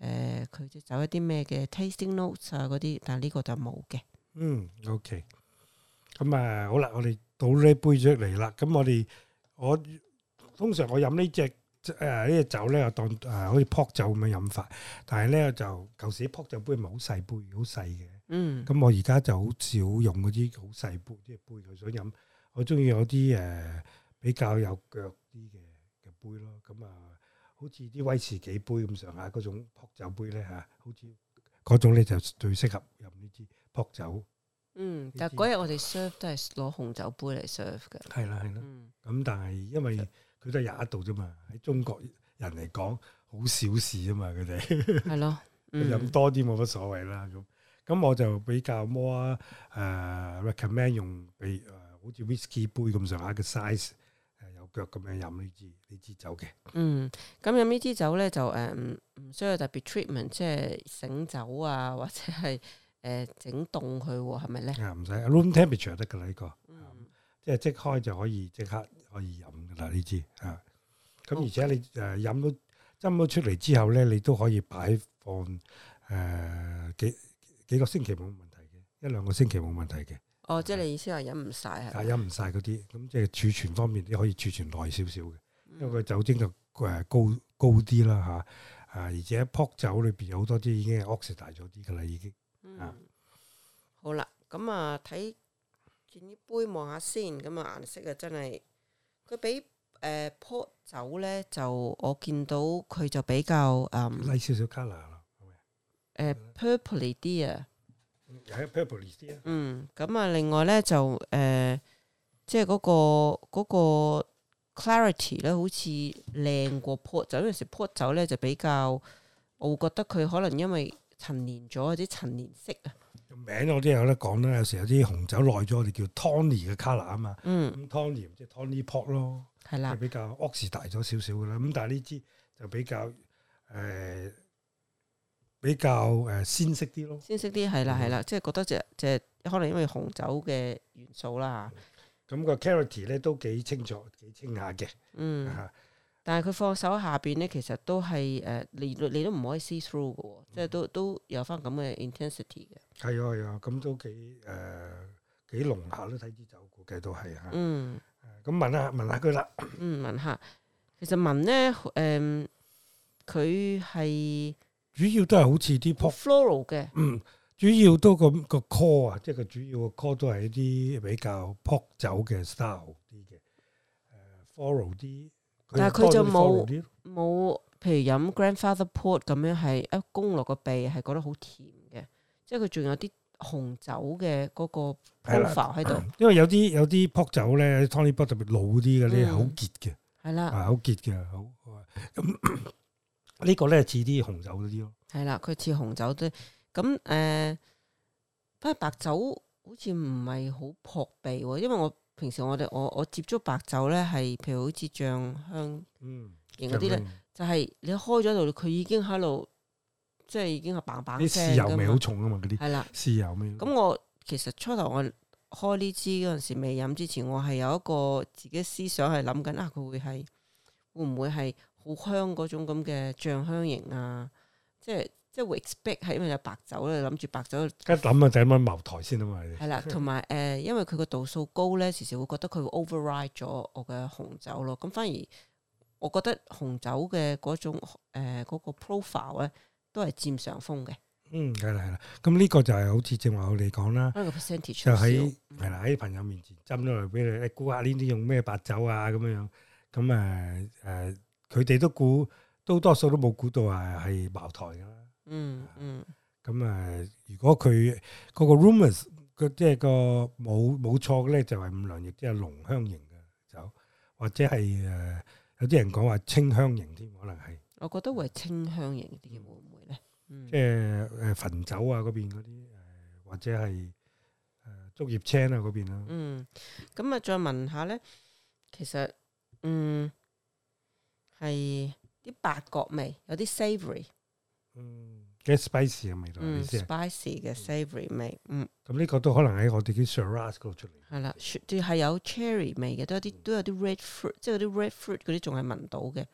誒佢即係走，呃、一啲咩嘅 tasting notes 啊嗰啲，但係呢個就冇嘅。嗯，OK，咁、嗯、啊好啦，我哋倒呢杯出嚟啦。咁我哋我通常我飲、呃、呢隻誒呢隻酒咧，又當誒好似砵酒咁樣飲法。但係咧就舊時砵酒杯唔係、嗯、好細杯，好細嘅。嗯，咁我而家就好少用嗰啲好細杯啲杯去飲。我中意有啲誒。呃比較有腳啲嘅嘅杯咯，咁、嗯、啊，好似啲威士忌杯咁上下嗰種撲酒杯咧嚇，好似嗰種咧就最適合飲呢支撲酒。嗯，但嗰日我哋 serve 都係攞紅酒杯嚟 serve 嘅，係啦係啦。咁但係因為佢都係廿一度啫嘛，喺中國人嚟講好小事啊嘛，佢哋係咯，飲多啲冇乜所謂啦。咁咁我就比較 more 誒、呃、recommend 用誒、呃、好似 whisky 杯咁上下嘅 size。咁樣飲呢支呢支酒嘅，嗯，咁飲呢支酒咧就誒唔需要特別 treatment，即係醒酒啊，或者係誒整凍佢，係咪咧？啊，唔使 room temperature 得噶啦呢個，嗯，即係即開就可以即刻可以飲噶啦呢支啊，咁而且你誒飲到斟咗出嚟之後咧，你都可以擺放誒幾幾個星期冇問題嘅，一兩個星期冇問題嘅。哦，即係你意思話飲唔晒係咪？啊，飲唔晒嗰啲，咁即係儲存方面啲可以儲存耐少少嘅，因為佢酒精就誒高高啲啦吓，啊而且潑酒裏邊有好多啲已經係 oxide 咗啲噶啦已經啊。好啦，咁啊睇轉啲杯望下先，咁啊顏色啊真係，佢比誒潑酒咧就我見到佢就比較誒少少 colour 咯，誒 purple 啲啊。嗯，咁啊，另外咧就誒、呃，即係嗰個嗰個 clarity 咧，好似靚過 port 酒，有時 port 酒咧就比較，我覺得佢可能因為陳年咗或者陳年色啊。名我都有得講啦，有時有啲紅酒耐咗，我哋叫 Tony 嘅 color 啊嘛。嗯，咁 Tony 即係 Tony port 咯，係啦，比較 ox 大咗少少嘅啦。咁但係呢支就比較誒。比較誒鮮色啲咯，鮮色啲係啦係啦，即係覺得就就可能因為紅酒嘅元素啦吓，咁個 clarity 咧，都幾清楚，幾清雅嘅，嗯吓，但係佢放手下邊咧，其實都係誒，你你都唔可以 see through 嘅，即係都都有翻咁嘅 intensity 嘅，係啊係啊，咁都幾誒幾濃下咯，睇支酒估計都係吓，嗯，咁聞下聞下佢啦，嗯聞下，其實聞咧誒佢係。主要都係好似啲 port floral 嘅，嗯，主要都咁個，個 call 啊，即係個主要個 call 都係一啲比較 port 酒嘅 style 啲嘅，誒、呃，floral 啲。但係佢就冇冇，譬如飲 grandfather port 咁樣，係一公落個鼻係覺得好甜嘅，即係佢仲有啲紅酒嘅嗰個 profile 喺度。因為有啲有啲 port 酒咧，tawny port 別老啲嘅，啲好結嘅，係啦的，啊的，好結嘅，好咁。 個呢個咧似啲紅酒嗰啲咯，係啦，佢似紅酒啲。咁誒，不、呃、過白酒好似唔係好撲鼻喎，因為我平時我哋我我接觸白酒咧，係譬如好似醬香型嗰啲咧，嗯、就係你開咗度，佢已經喺度，即係已經係嘭嘭。啲豉油味好重啊嘛！嗰啲係啦，豉油味。咁我其實初頭我開呢支嗰陣時未飲之前，我係有一個自己思想係諗緊啊，佢會係會唔會係？好香嗰種咁嘅醬香型啊，即係即係 we expect 係因為有白酒咧，諗住白酒。一係諗啊，就諗翻茅台先啊嘛。係啦了，同埋誒，因為佢個度數高咧，時時會覺得佢會 override 咗我嘅紅酒咯。咁反而我覺得紅酒嘅嗰種誒嗰、呃嗰個 profile 咧，都係佔上風嘅。嗯，係啦，係啦。咁呢個就係好似正話我哋講啦，個 percentage 就喺係啦喺朋友面前斟咗嚟俾你，你估下呢啲用咩白酒啊咁樣樣。咁啊誒。佢哋都估都多數都冇估到係係茅台噶啦、嗯，嗯嗯，咁啊，如果佢嗰、嗰個 rumors，個即係個冇冇錯嘅咧，就係五糧液即係濃香型嘅酒，或者係誒、呃、有啲人講話清香型添，可能係，我覺得會係清香型啲嘢，會唔會咧？即係誒汾酒啊嗰邊嗰啲誒或者係誒竹葉青啊嗰邊啦，嗯，咁、就是呃、啊，那那、呃呃啊，啊嗯、再問下咧，其實嗯。係啲八角味，有啲 savory，嗯，嘅 spicy 嘅味道，啲先 spicy 嘅 savory 味，嗯，咁呢個都可能喺我自己 s r a、嗯、s 嗰度出嚟，係啦，係有 cherry 味嘅，都有啲都有啲 red fruit，即係嗰啲 red fruit 嗰啲仲係聞到嘅，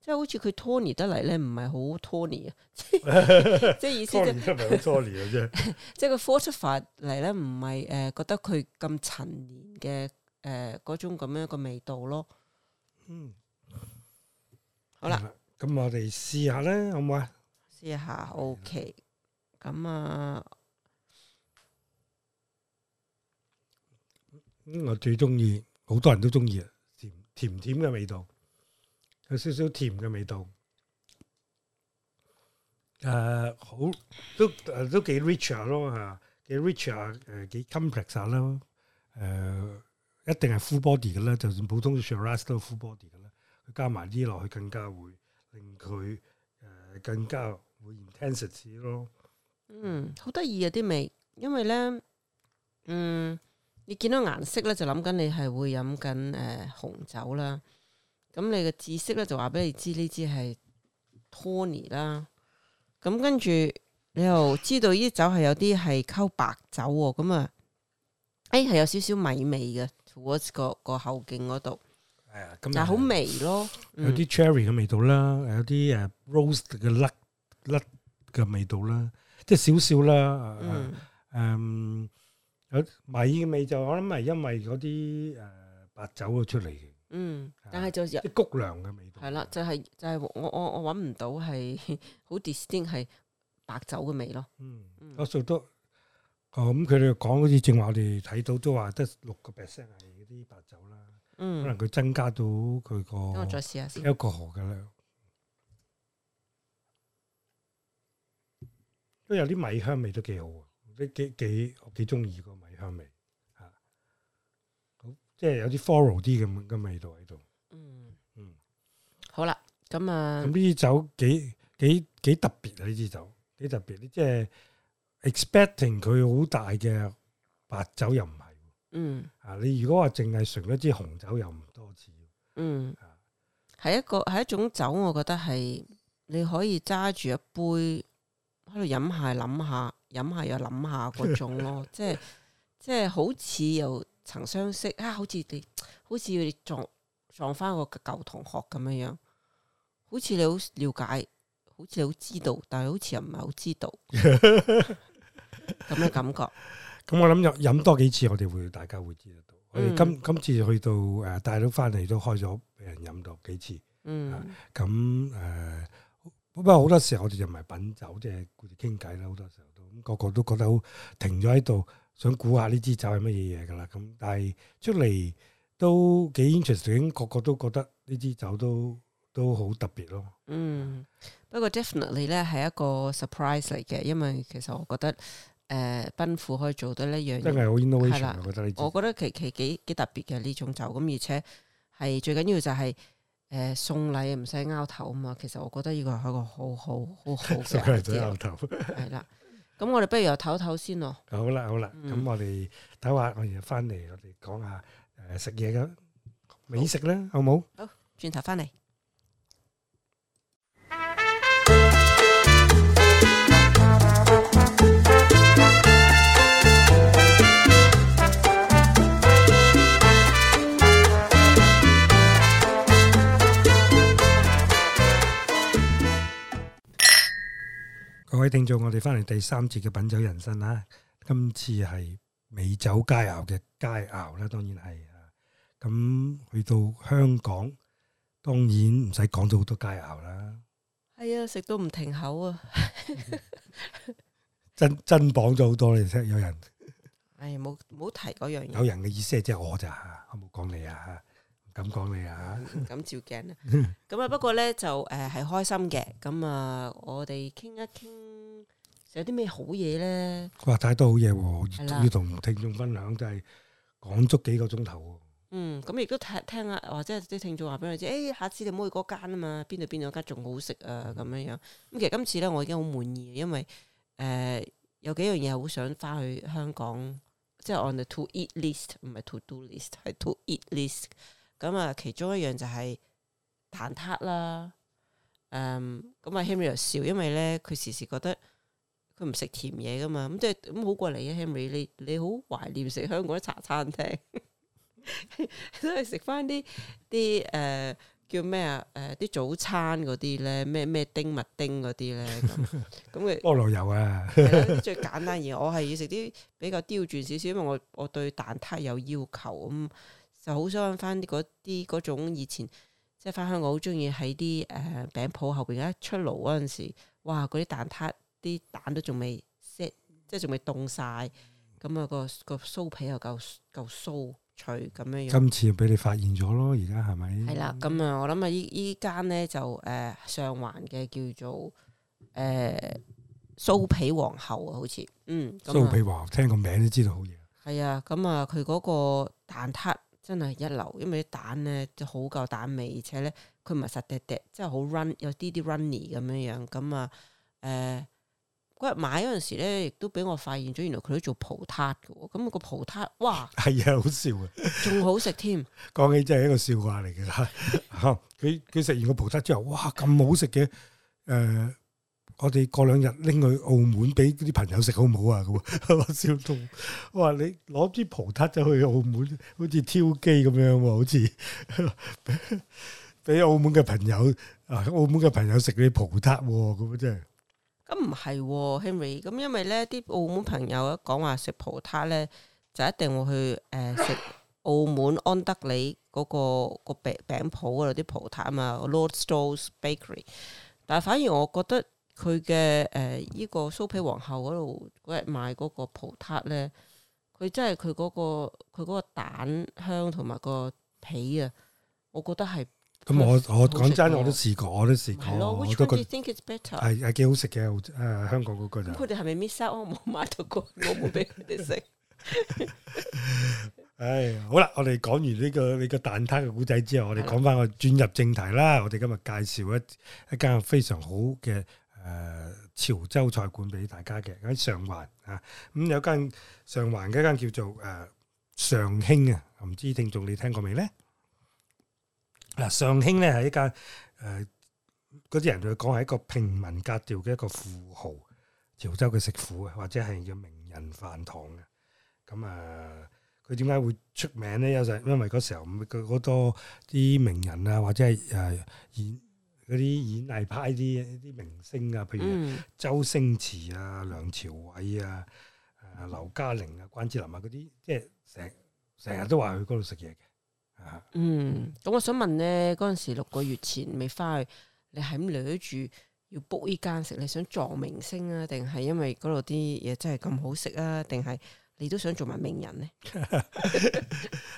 即係好似佢 tony 得嚟咧，唔係好 tony 啊，即係意思 t o 好 tony 嘅啫。即係個 four r 出發嚟咧，唔係誒覺得佢咁陳年嘅誒嗰種咁樣一味道咯，嗯。 好啦，咁我哋試下啦，好唔好啊？試下，OK。咁啊，咁我最中意，好多人都中意啊，甜甜甜嘅味道，有少少甜嘅味道。誒，好都誒都幾 rich 下咯吓，幾 rich 下誒幾 complex 下啦。誒，一定係 full body 噶啦，就算普通嘅 shiraz 都 full body。加埋啲落去，更加會令佢誒更加會 intensity 咯。嗯，好得意啊啲味，因為咧，嗯，你見到顏色咧，就諗緊你係會飲緊誒紅酒啦。咁你嘅知識咧就話俾你知呢支係 Tony 啦。咁跟住你又知道呢啲酒係有啲係溝白酒喎、哦。咁啊，誒、哎、係有少少米味嘅 towards 個後勁嗰度。但係好微，微咯、嗯有，有啲 cherry 嘅味道、就是、小小啦，有啲誒 roast 嘅甩甩嘅味道啦，即係少少啦。誒，有米嘅味就我諗係因為啲誒白酒啊出嚟嘅。嗯，但係就啲穀糧嘅味道。係啦、嗯，就係就係我、哦、我我揾唔到係好 distinct 係白酒嘅味咯。嗯，我最多哦咁，佢哋講好似正話我哋睇到都話得六個 percent 係啲白酒啦。嗯，可能佢增加到佢個，等我再試下先。一個盒嘅咧，都有啲米香味都幾好啊！幾幾幾幾中意個米香味啊！好，即係有啲 follow 啲咁嘅味道喺度。嗯嗯，嗯好啦，咁啊，咁呢支酒幾幾幾特別啊！呢支酒幾特別，即係 expecting 佢好大嘅白酒飲。又嗯，啊，你如果話淨係純一支紅酒又唔多錢，嗯，係、啊、一個係一種酒，我覺得係你可以揸住一杯喺度飲下諗下，飲下又諗下嗰種咯， 即係即係好似又曾相識啊，好似你，好似你，你撞撞翻個舊同學咁樣樣，好似你好了解，好似你好知道，但係好似又唔係好知道，咁嘅 感覺。咁我諗又飲多幾次，我哋會大家會知得到。我哋今今次去到誒帶到返嚟都開咗俾人飲咗幾次。嗯，咁誒，不過好多時候我哋就唔係品酒，即係顧住傾偈啦。好多時候都，咁個個都覺得好停咗喺度，想估下呢支酒係乜嘢嘢㗎啦。咁但係出嚟都幾 interesting，個個都覺得呢支酒都都好特別咯。嗯，不過 definitely 咧係一個 surprise 嚟嘅，因為其實我覺得。誒，奔富、呃、可以做到呢樣嘢，係啦了，我覺得我覺得其其幾幾特別嘅呢種酒，咁而且係最緊要就係誒送禮唔使拗頭啊嘛，其實我覺得呢個係一個好好好好嘅嘢。拗 頭，係啦，咁我哋不如又唞唞先咯。 好啦好啦，咁我哋等下我哋翻嚟我哋講下誒食嘢嘅美食啦，好冇？好，轉頭翻嚟。各位，聽眾，我哋翻嚟第三節嘅品酒人生啦，今次係美酒佳肴嘅佳肴啦，當然係啊，咁、嗯、去到香港，當然唔使講咗好多佳肴啦，係啊、哎，食到唔停口啊， 真真綁咗好多咧，真你有人，唉、哎，冇冇提嗰樣嘢，有人嘅意思係即係我咋，我冇講你啊。咁講你啊！咁、 嗯、照鏡啊。咁啊 不過咧就誒係、呃、開心嘅。咁、嗯、啊，我哋傾一傾有啲咩好嘢咧？哇！太多好嘢喎、啊，要同聽眾分享、嗯、真係講足幾個鐘頭、啊嗯。嗯，咁亦都聽聽下，或者啲聽眾話俾佢知，誒、哎、下次你唔好去嗰間啊嘛，邊度邊度嗰間仲好食啊咁樣樣。咁其實今次咧，我已經好滿意，因為誒、呃、有幾樣嘢好想翻去香港，即係 on the to eat list，唔係 to do list，係 to eat list。咁啊，其中一樣就係蛋撻啦，嗯，咁啊 Henry 又笑，因為咧佢時時覺得佢唔食甜嘢噶嘛，咁即係咁好過嚟啊 Henry，你你好懷念食香港啲茶餐廳， 都係食翻啲啲誒叫咩、呃、啊誒啲早餐嗰啲咧，咩咩丁麥丁嗰啲咧，咁佢，嘅菠蘿油啊，最簡單嘢，我係要食啲比較刁鑽少少，因為我我，我對蛋撻有要求咁。嗯就好想揾翻啲嗰啲種以前，即係翻香港好中意喺啲誒餅鋪後邊一出爐嗰陣時，哇！嗰啲蛋撻啲蛋都仲未 set，即係仲未凍晒，咁啊個個酥皮又夠夠酥脆咁樣。今次又俾你發現咗咯，而家係咪？係啦，咁啊，我諗啊，依依間咧就誒上環嘅叫做誒酥皮皇后啊，好似，嗯，酥皮皇后，嗯，聽個名都知道好嘢。係啊，咁啊，佢嗰個蛋撻。真係一流，因為啲蛋咧就好夠蛋味，而且咧佢唔係實滴滴，即係好 run 有啲啲 runny 咁樣樣，啊，咁啊誒嗰日買嗰陣時咧，亦都俾我發現咗，原來佢都做葡撻嘅喎，咁、個葡撻哇係啊，好笑啊，仲好食添。講 起真係一個笑話嚟嘅，啦佢佢食完個葡撻之後，哇咁好食嘅誒。呃我哋過兩日拎去澳門俾啲朋友食好唔好啊？咁 我笑到，我話你攞支葡撻就去澳門，好似挑機咁樣喎，好似俾 澳門嘅朋友啊，澳門嘅朋友食啲葡撻喎，咁啊真係。咁唔係 Henry，咁因為咧啲澳門朋友一講話食葡撻咧，就一定會去誒食、呃、澳門安德里嗰、嗰個、嗰個嗰個餅餅鋪嗰度啲葡撻啊嘛，Lord Stow's Bakery，但係反而我覺得。佢嘅誒，依、呃這個酥皮皇后嗰度嗰日賣嗰個葡撻咧，佢真係佢嗰個佢個蛋香同埋個皮啊，我覺得係咁、嗯、是我我講真我都試過，我都試過，咯我都覺得係係幾好食嘅，誒、啊，香港嗰句佢哋係咪 miss out？我冇買到過，我冇俾佢哋食。唉，好啦，我哋講完呢個呢個蛋撻嘅古仔之後，我哋講翻個轉入正題啦。我哋今日介紹一一間非常好嘅。誒、呃，潮州菜館俾大家嘅，喺上環啊，咁、嗯、有間上環嘅一間叫做誒、呃、尚興啊，唔知聽眾你聽過未咧？嗱、呃，尚興咧係一間誒，嗰、呃、啲人佢講係一個平民格調嘅一個富豪，潮州嘅食府啊，或者係叫名人飯堂嘅。咁啊，佢點解會出名咧？有就因為嗰時候咁，佢好多啲名人啊，或者係誒演。呃嗰啲演藝派啲啲明星啊，譬如周星馳啊、梁朝偉啊、誒、呃、劉嘉玲啊、關之琳啊嗰啲，即係成成日都話去嗰度食嘢嘅，啊。嗯，咁、嗯嗯嗯、我想問咧，嗰陣時六個月前未翻去，你係咁掠住要 book 依間食，你想撞明星啊，定係因為嗰度啲嘢真係咁好食啊，定係？你都想做埋名人咧？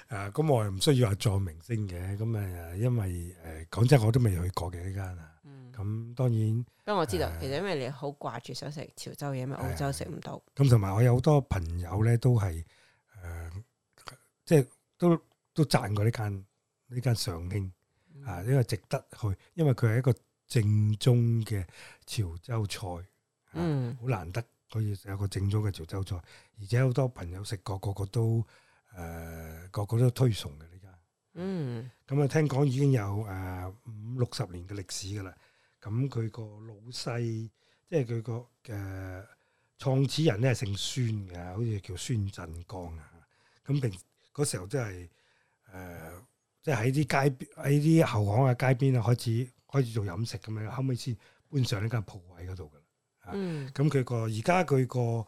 啊，咁我又唔需要話做明星嘅，咁啊，因為誒，講真，我都未去過嘅呢間。嗯。咁當然，不過我知道，其實因為你好掛住想食潮州嘢，咪澳洲食唔到。咁同埋，我有好多朋友咧，都係誒，即係都都讚過呢間呢間尚興啊，因為值得去，因為佢係一個正宗嘅潮州菜。嗯。好難得可以食一個正宗嘅潮州菜。而且好多朋友食過，個個都誒個、呃、個都推崇嘅呢間嗯，咁啊、嗯、聽講已經有誒五六十年嘅歷史噶啦。咁佢個老細，即係佢個嘅創始人咧，係姓孫嘅，好似叫孫振剛啊。咁、嗯、平嗰時、時候真係誒，即係喺啲街喺啲後巷嘅街邊啊開始開始做飲食咁樣，後尾先搬上呢間鋪位嗰度噶啦。嗯，咁佢個而家佢個。嗯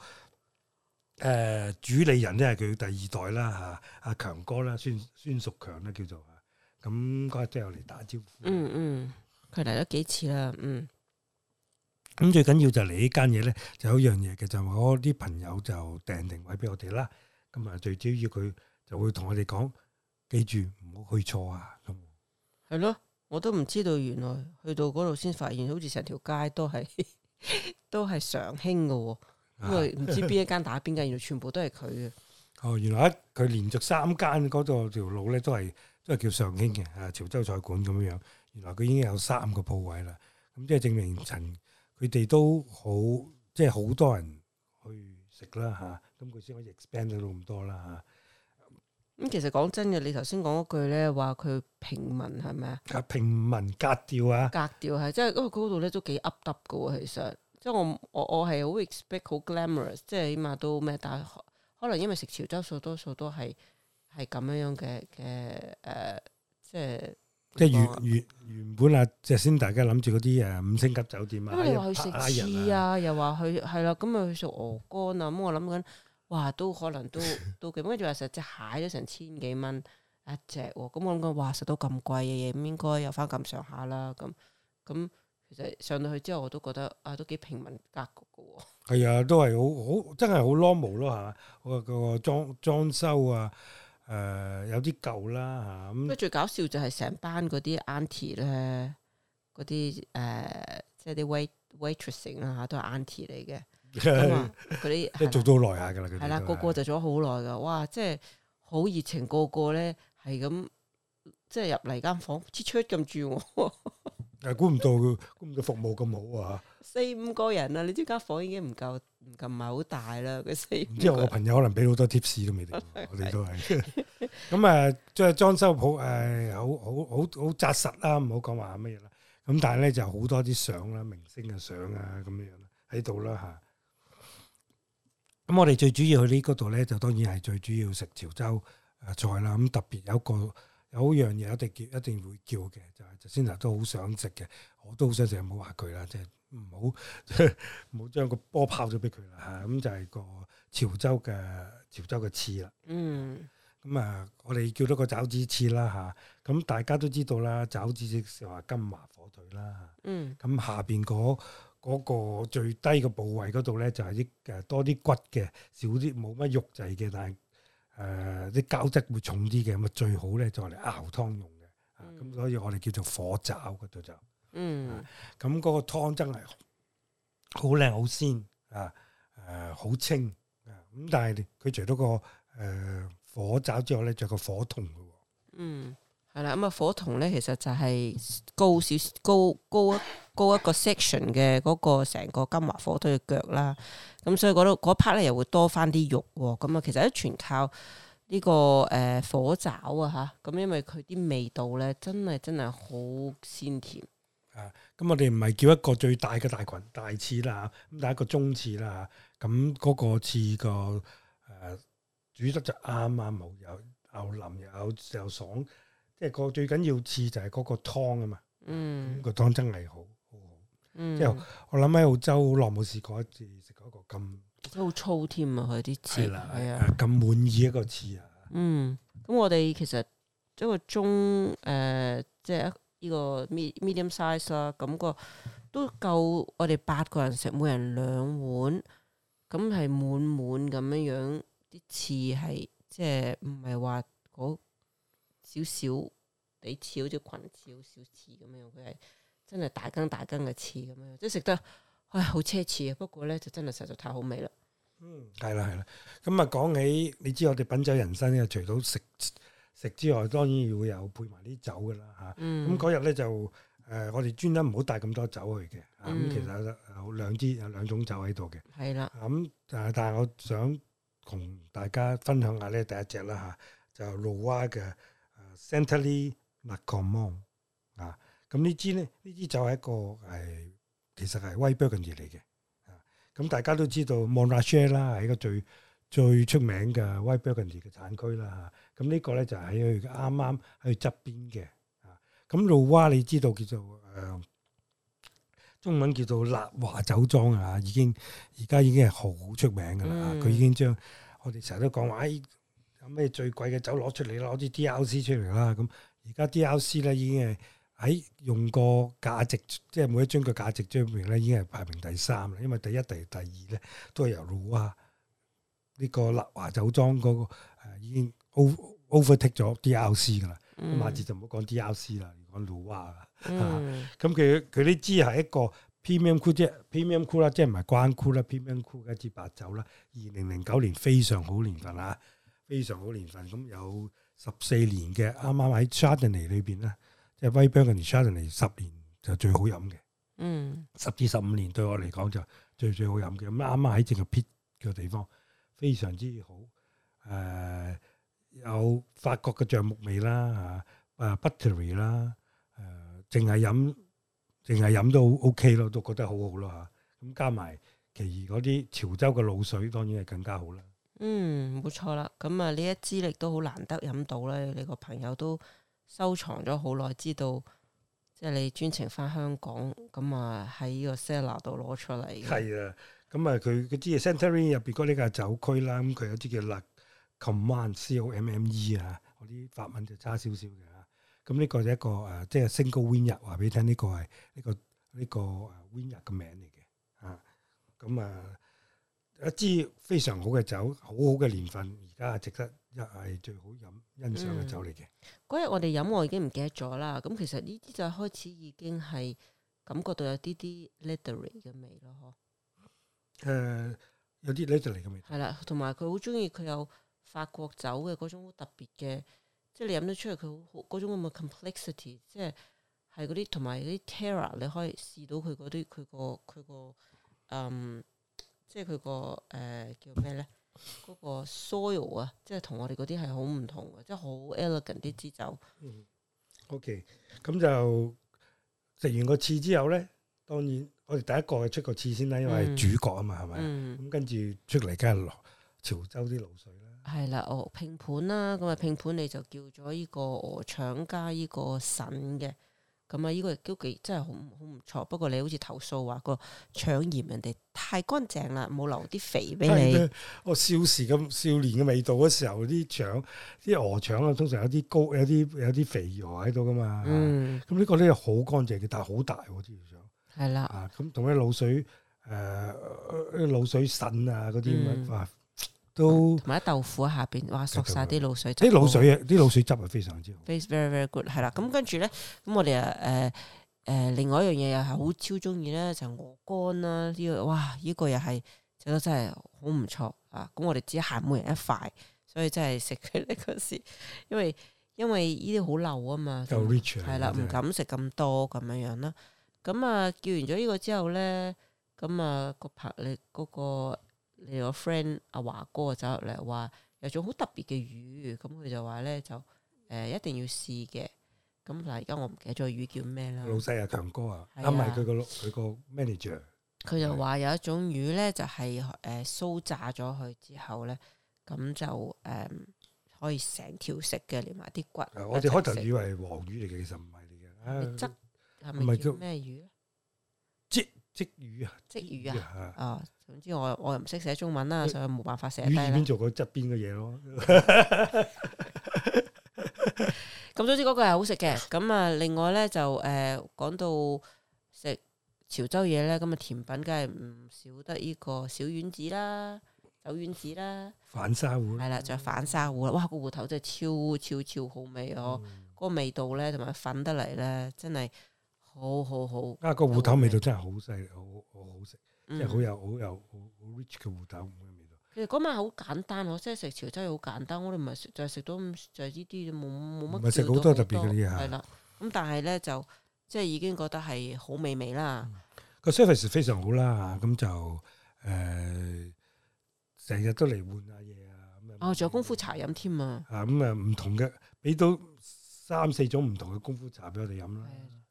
誒、呃、主理人咧係佢第二代啦嚇，阿、啊啊、強哥啦、啊，孫孫淑強啦叫做嚇，咁嗰日都有嚟打招呼。嗯嗯，佢嚟咗幾次啦，嗯。咁、嗯嗯嗯、最緊要就嚟呢間嘢咧，就有樣嘢嘅就我、是、啲朋友就訂定位俾我哋啦。咁啊，最主要佢就會同我哋講，記住唔好去錯啊。係、嗯、咯，我都唔知道，原來去到嗰度先發現，好似成條街都係都係常興嘅喎。咁啊，唔知邊一間打邊間，原來全部都係佢嘅。哦，原來佢連續三間嗰度條路咧，都係都係叫尚興嘅啊，潮州，嗯、菜館咁樣樣。原來佢已經有三個鋪位啦。咁、嗯、即係證明陳佢哋都好，即係好多人去食啦吓。咁佢先可以 expand 到咁多啦吓。咁、嗯嗯、其實講真嘅，你頭先講嗰句咧，話佢平民係咪啊？平民格調啊？格調係，即係嗰個度咧都幾凹凸噶喎，其實。即係我我我係好 expect 好 glamorous，即係起碼都咩？但可能因為食潮州多數，數多數都係係咁樣樣嘅嘅誒，即係即係原原原本啊！即係先大家諗住嗰啲誒五星級酒店啊，咁你話去食翅啊，又話去係啦，咁啊去食鵝肝啊，咁我諗緊，哇，都可能都都幾跟住話實隻蟹都成千幾蚊一隻喎，咁我諗緊，哇，食到咁貴嘅嘢，咁應該有翻咁上下啦，咁咁。其實上到去之後，我都覺得啊，都幾平民格局嘅喎。係啊，都係好好真係好 normal 咯嚇，個個裝裝修啊，誒有啲舊啦嚇咁。最搞笑就係成班嗰啲 auntie 咧，嗰啲誒即係啲 wait waitressing 啊嚇，都係 auntie 嚟嘅。咁啊，嗰啲即係做咗好耐下㗎啦，係啦，個個就做咗好耐㗎。哇，即係好熱情，個個咧係咁即係入嚟間房，支出咁住我。誒，估唔到估唔到服務咁好啊！四五個人啊，你知間房已經唔夠，唔夠唔係好大啦。佢四唔知我朋友可能俾好多 tips 都未定， 我哋都係咁啊！即 係、嗯、裝修、哎、好，誒，好好好好扎實啦，唔好講話乜嘢啦。咁但係咧，就好多啲相啦，明星嘅相啊，咁、嗯、樣啦，喺度啦吓，咁我哋最主要去呢嗰度咧，就當然係最主要食潮州誒菜啦。咁、嗯、特別有一個。有樣嘢一定叫，一定會叫嘅，就係頭先嗱都好想食嘅，我都好想食，唔好話佢啦，即係唔好唔好將個波拋咗俾佢啦嚇，咁、 啊、就係、是、個潮州嘅潮州嘅翅啦。嗯，咁啊，我哋叫多個爪子翅啦嚇，咁、啊啊、大家都知道啦，爪子即係話金華火腿啦。啊、嗯、啊，咁下邊嗰、那個那個最低嘅部位嗰度咧，就係啲誒多啲骨嘅，少啲冇乜肉仔嘅，但係。誒，啲膠質會重啲嘅，咁啊最好咧，就嚟熬湯用嘅，咁所以我哋叫做火爪嗰度就，嗯，咁嗰，嗯嗰個湯真係好靚好鮮啊，誒、呃，好清，咁、啊、但係佢除咗個誒、呃、火爪之外咧，仲有個火筒嘅喎。嗯係啦，咁啊、嗯、火筒咧，其實就係高少高高一高，高，高一個 section 嘅嗰個成個金華火腿嘅腳啦。咁、嗯、所以嗰度嗰 part 咧又會多翻啲肉、哦。咁、嗯、啊，其實都全靠呢、這個誒、呃、火爪啊吓。咁、嗯、因為佢啲味道咧，真係真係好鮮甜。啊、咁、嗯、我哋唔係叫一個最大嘅大群大翅啦，咁但係一個中翅啦。咁、那、嗰個翅、那個誒、呃、煮得就啱啱冇油又腍又又爽。有爽即係個最緊要翅就係嗰個湯啊嘛。嗯、個湯真係好好好，嗯、即係我諗喺澳洲好耐冇試過一次食嗰個咁都好粗添啊，佢啲翅係啊，咁滿意一個翅啊，嗯，咁我哋其實一個中誒即係呢個 medium size 啦，咁個都夠我哋八個人食，每人兩碗，咁係滿滿咁樣樣，啲翅係即係唔係話少少啲似好似裙翅少少似咁樣，佢係真係大根大根嘅翅咁樣，即係食得唉好、哎、奢侈啊！不過咧就真係實在太好味啦、嗯。嗯，係啦係啦，咁啊講起你知我哋品酒人生咧，除咗食食之外，當然要有配埋啲酒噶啦吓。嗯。咁嗰日咧就誒，我哋專登唔好帶咁多酒去嘅。咁、嗯、其實有兩支有兩種酒喺度嘅。係啦的。咁、嗯、但係但係，我想同大家分享下咧第一隻啦吓，就路娃嘅。Centrally e 納康芒啊，咁呢支咧呢支就係一個係其實係威布爾根地嚟嘅，咁大家都知道 m o n a s h 蒙納舍啦係一個最最出名嘅威布爾根地嘅產區啦，咁呢個咧就喺佢啱啱喺佢側邊嘅，咁路娃你知道叫做誒中文叫做辣華酒莊啊，已經而家已經係好出名噶啦，佢已經將我哋成日都講話。咁咩最貴嘅酒攞出嚟，攞支 DRC 出嚟啦！咁而家 DRC 咧已經係喺用個價值，即係每一樽嘅價值方面咧，已經係排名第三啦。因為第一、第第二咧都係由路華呢個立華酒莊嗰、那個、呃、已經 over, over take 咗 DRC 噶啦。咁下、嗯、次就唔好講 DRC 啦，講路華啦。咁佢佢呢支係一個 Premier Cru 即啫，Premier Cru 啦，即係唔係 Grand Cru 啦，Premier Cru 一支白酒啦。二零零九年非常好年份啊！嗯非常好年份，咁有十四年嘅，啱啱喺 Chardonnay 裏邊咧，即係 b r 威堡嘅 Chardonnay 十年就最好飲嘅。嗯，十至十五年對我嚟講就最最好飲嘅。咁啱啱喺正嘅 pit 嘅地方，非常之好。誒、呃，有法國嘅橡木味啦，嚇、啊，誒 buttery 啦、啊，誒，淨係飲，淨係飲都 OK 咯，都覺得好好啦。咁、啊、加埋其餘嗰啲潮州嘅滷水，當然係更加好啦。嗯，冇錯啦。咁、嗯、啊，呢一支力都好難得飲到咧。你個朋友都收藏咗好耐，知道即係你專程翻香港，咁啊喺個 seller 度攞出嚟。係啊，咁啊佢嗰支嘢 century 入邊嗰呢個酒區啦，咁佢有啲叫 like command c o m m e 啊，我啲法文就差少少嘅嚇。咁呢個一個誒，即係 single win 日話俾你聽，呢個係呢個呢個 win 日嘅名嚟嘅嚇。咁、嗯、啊。嗯一支非常好嘅酒，好好嘅年份，而家係值得一係最好飲欣賞嘅酒嚟嘅。嗰日、嗯、我哋飲我已經唔記得咗啦。咁其實呢啲就開始已經係感覺到有啲啲 leather 嘅味咯，嗬？誒，有啲 leather 嚟嘅味係啦，同埋佢好中意佢有法國酒嘅嗰種好特別嘅，即係你飲得出去，佢好嗰種咁嘅 complexity，即係係嗰啲同埋啲 terra，你可以試到佢嗰啲佢個佢個嗯。即係佢個誒叫咩咧？嗰、那個 soil 啊，即係同我哋嗰啲係好唔同嘅，即係好 elegant 啲支酒嗯。嗯。OK，咁就食完個翅之後咧，當然我哋第一個係出個翅先啦，因為主角啊嘛，係咪？嗯。咁跟住出嚟，梗係潮州啲滷水啦。係啦、嗯，哦，拼盤啦、啊，咁啊拼盤你就叫咗依個鵝腸加依個腎嘅。咁啊，呢個都幾真係好好唔錯。不過你好似投訴話個腸嫌人哋太乾淨啦，冇留啲肥俾你。我少時咁少年嘅味道嗰時候，啲腸啲鵝腸啊，通常有啲高有啲有啲肥鵝喺度㗎嘛。咁呢、嗯嗯這個呢好乾淨嘅，但係好大喎、啊、啲腸。係啦的。啊，咁同啲滷水誒、滷、呃、滷水腎啊嗰啲乜啊。.都同埋、嗯、豆腐喺下邊，哇，索晒啲滷水，啲滷水啊，啲滷水汁啊，非常之好。非 very very good，係啦，咁 跟住咧，咁我哋啊，誒、呃、誒、呃，另外一樣嘢又係好超中意咧，就鵝肝啦，呢、這個哇，呢、這個又係食得真係好唔錯啊！咁我哋只限每人一塊，所以真係食佢呢個時，因為因為呢啲好漏啊嘛，rich，係啦、啊，唔了了敢食咁多咁樣樣啦。咁啊，叫完咗呢個之後咧，咁啊、那個拍你嗰個。你個 friend 阿華哥走入嚟話有種好特別嘅魚，咁佢就話咧就誒、呃、一定要試嘅。咁但係而家我唔記得咗魚叫咩啦。老細阿、啊、強哥啊，啊唔係佢個佢個 manager。佢就話有一種魚咧，就係誒酥炸咗佢之後咧，咁就誒、呃、可以成條食嘅，連埋啲骨。我哋開頭以為黃魚嚟嘅，其實唔係嚟嘅。啊、你執係咪叫咩魚咧？鯽鯽魚啊，鯽魚啊，哦。總之我我又唔識寫中文啦，呃、所以冇辦法寫低咧。邊做個側邊嘅嘢咯。咁 總之嗰個係好食嘅。咁啊，另外咧就誒講、呃、到食潮州嘢咧，咁、那、啊、個、甜品梗係唔少得呢、這個小丸子啦、手丸子啦、反沙芋。係啦，仲有反沙芋。哇，個芋頭真係超超超好味哦、啊！嗯、個味道咧，同埋粉得嚟咧，真係好好好。啊，那個芋頭味道真係好犀利，好好好食。嗯、即係好有好、嗯、有好好 rich 嘅胡豆咁嘅味道。其實嗰晚好簡單，即係食潮州係好簡單。我哋唔係就係、是、食到就係呢啲，冇冇乜。唔係食好多特別嘅嘢嚇。係啦，咁、嗯、但係咧就即係已經覺得係好美味啦。個 service、嗯、非常好啦，咁就誒成日都嚟換下嘢啊。哦，仲有功夫茶飲添啊！咁啊唔同嘅，俾到三四種唔同嘅功夫茶俾我哋飲啦。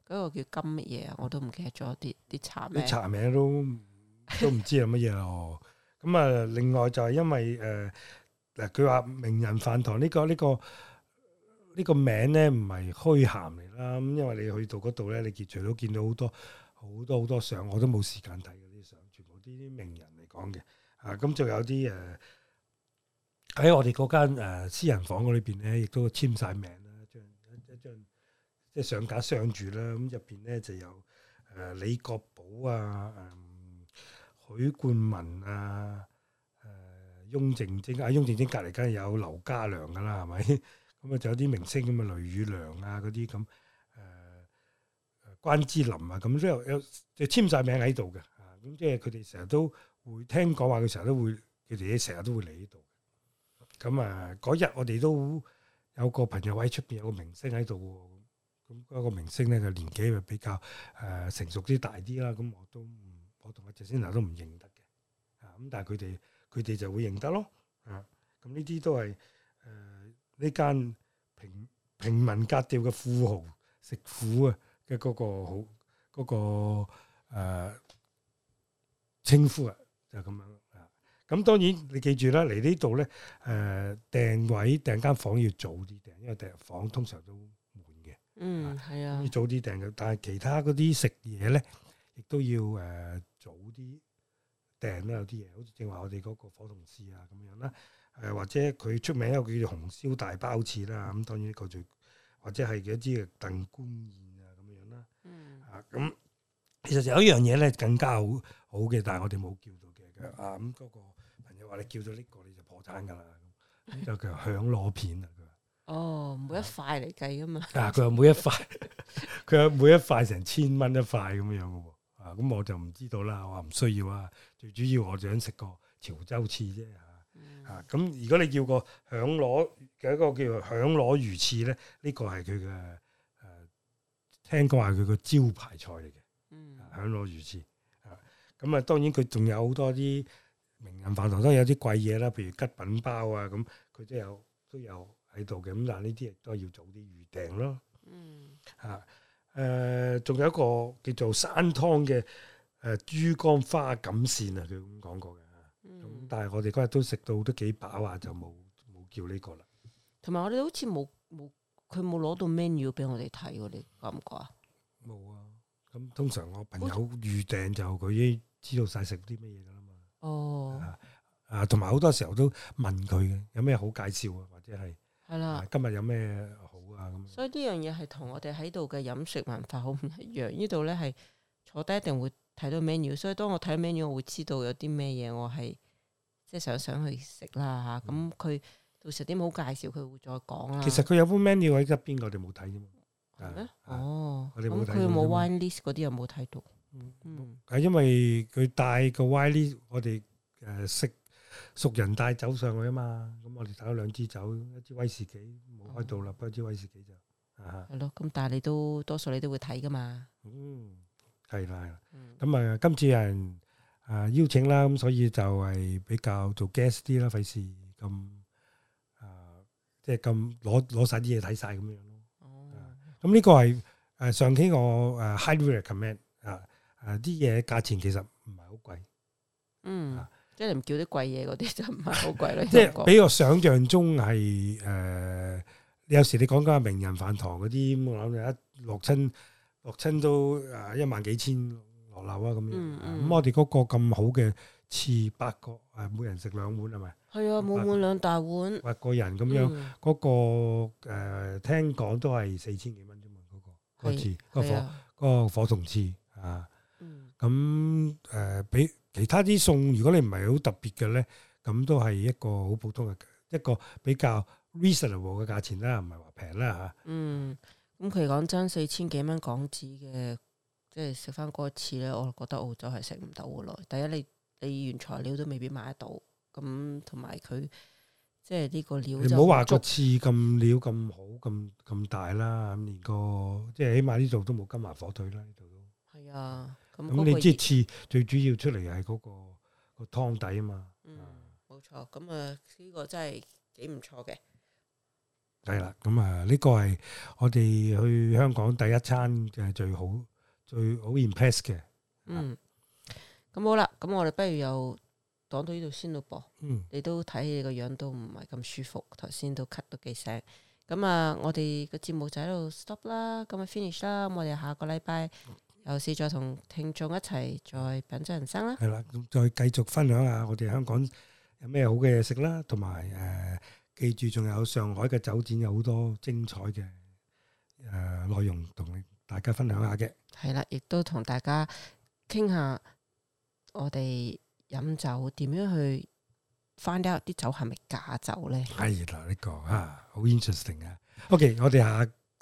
嗰、嗯嗰個叫金乜嘢啊？我都唔記得咗啲啲茶咩？啲茶名都～都唔知係乜嘢咯，咁啊，另外就係因為誒，嗱，佢話名人飯堂呢個呢個呢個名咧唔係虛銜嚟啦，咁因為你去到嗰度咧，你結除都見到好多好多好多相，我都冇時間睇嗰啲相，全部啲名人嚟講嘅，啊，咁仲有啲誒喺我哋嗰間誒私人房嗰裏邊咧，亦都簽晒名啦，一一張即係相架相住啦，咁入邊咧就有誒李國寶啊，嗯。許冠文啊，誒、呃，翁靜晶啊，翁靜晶隔籬梗係有劉家良噶啦，係咪？咁 啊，仲有啲明星咁啊，雷宇良啊，嗰啲咁，誒，關之琳啊，咁都有，就簽晒名喺度嘅。咁、啊、即係佢哋成日都會聽講話，佢成日都會，佢哋成日都會嚟呢度。咁啊，嗰日我哋都有個朋友喺出邊，有個明星喺度。咁嗰個明星咧，就年紀又比較誒成熟啲、大啲啦。咁、啊嗯嗯、我都。同阿 Jacinda 都唔認得嘅，啊咁但係佢哋佢哋就會認得咯，啊咁呢啲都係誒呢間平平民格調嘅富豪食府啊嘅嗰個好嗰個誒稱呼啊，就係咁樣啊。咁當然你記住啦，嚟呢度咧誒訂位訂間房要早啲訂，因為訂房通常都滿嘅。嗯，係啊。啊要早啲訂嘅，但係其他嗰啲食嘢咧，亦都要誒。呃早啲訂啦，有啲嘢，好似正話我哋嗰個火同翅啊咁樣啦、啊，誒、呃、或者佢出名，佢叫做紅燒大包翅啦，咁當然呢個最或者係幾多啲燉官燕啊咁樣啦、啊，嗯、啊咁其實有一樣嘢咧更加好好嘅，但係我哋冇叫到嘅、嗯，啊咁嗰、那個朋友話你叫咗呢個你就破產㗎啦， 就之後佢話響螺片、哦、啊，佢話哦每一塊嚟計啊嘛，但啊佢話每一塊佢話每一塊成千蚊一塊咁樣嘅、啊、喎。啊，咁我就唔知道啦。我話唔需要啊，最主要我就想食個潮州翅啫嚇。嗯、啊，咁如果你要個響螺，嘅一個叫響螺魚翅咧，呢、這個係佢嘅誒，聽講話佢個招牌菜嚟嘅。嗯，響螺魚翅啊，咁啊，啊，當然佢仲有好多啲名人飯堂，都有啲貴嘢啦，譬如吉品包啊，咁佢都有都有喺度嘅。咁但係呢啲亦都要早啲預訂咯。嗯，啊。誒，仲、呃、有一個叫做山湯嘅誒、呃，珠江花錦線啊，佢咁講過嘅。咁、嗯、但係我哋嗰日都食到都幾飽啊，就冇冇叫呢個啦。同埋我哋好似冇冇，佢冇攞到 menu 俾我哋睇喎，你覺唔覺啊？冇啊！咁通常我朋友預訂就佢已經知道晒食啲乜嘢噶啦嘛。哦。啊，同埋好多時候都問佢有咩好介紹啊，或者係對了、啊、今日有咩？嗯、所以呢樣嘢係同我哋喺度嘅飲食文化好唔一樣，呢度咧係坐低一定會睇到 menu，所以當我睇 menu，我會知道有啲咩嘢我係即係想想去食啦嚇。咁佢到時啲冇介紹，佢會再講啦。其實佢有本 menu 喺側邊，我哋冇睇啫嘛。係咩？哦，咁佢冇 wine list 嗰啲又冇睇到。嗯嗯、因為佢帶個 wine list，我哋誒食。呃熟人帶走上去啊嘛，咁我哋攪咗兩支酒，一支威士忌冇開到啦，不過支威士忌就啊，係咯，咁但係你都多數你都會睇噶嘛，嗯，係啦，咁啊今次有人啊邀請啦，咁所以就係比較做 guest 啲啦，費事咁啊，即係咁攞攞曬啲嘢睇曬咁樣咯，哦，咁呢個係誒上期我誒 highly recommend 啊啊啲嘢價錢其實唔係好貴，嗯。即係唔叫啲貴嘢嗰啲就唔係好貴啦，即係比我想象中係誒，有時你講緊啊名人飯堂嗰啲，我諗一落親落親都誒一萬幾千落樓啊咁樣。咁我哋嗰個咁好嘅翅八個誒，每人食兩碗係咪？係啊，滿滿兩大碗。八個人咁樣，嗰個誒，聽講都係四千幾蚊啫嘛，嗰個個翅個火個火同翅啊。嗯。咁誒，比。其他啲餸，如果你唔係好特別嘅咧，咁都係一個好普通嘅一個比較 reasonable 嘅價錢啦，唔係話平啦嚇。嗯，咁佢講真，四千幾蚊港紙嘅，即係食翻嗰次咧，我覺得澳洲係食唔到嘅耐。第一，你你原材料都未必買得到，咁同埋佢即係呢個料。你唔好話個次咁料咁好咁咁大啦，咁連個即係起碼呢度都冇金華火腿啦，呢度都係啊。咁你即係次最主要出嚟係嗰個、嗰個湯底啊嘛，嗯，冇錯，咁啊呢個真係幾唔錯嘅，係啦，咁啊呢個係我哋去香港第一餐嘅最好、最好 impress 嘅，啊、嗯，咁好啦，咁我哋不如又講到呢度先咯噃。嗯，你都睇你個樣都唔係咁舒服，頭先都咳都幾聲，咁啊我哋個節目就喺度 stop 啦，咁啊 finish 啦，咁我哋下個禮拜。嗯有時再同聽眾一齊再品酒人生啦。係啦，咁再繼續分享下我哋香港有咩好嘅嘢食啦，同埋誒，記住仲有上海嘅酒展有好多精彩嘅誒內容同大家分享下嘅。係啦，亦都同大家傾下我哋飲酒點樣去 find out，啲酒係咪假酒咧？係啦，呢個啊好 interesting 啊。OK，我哋下。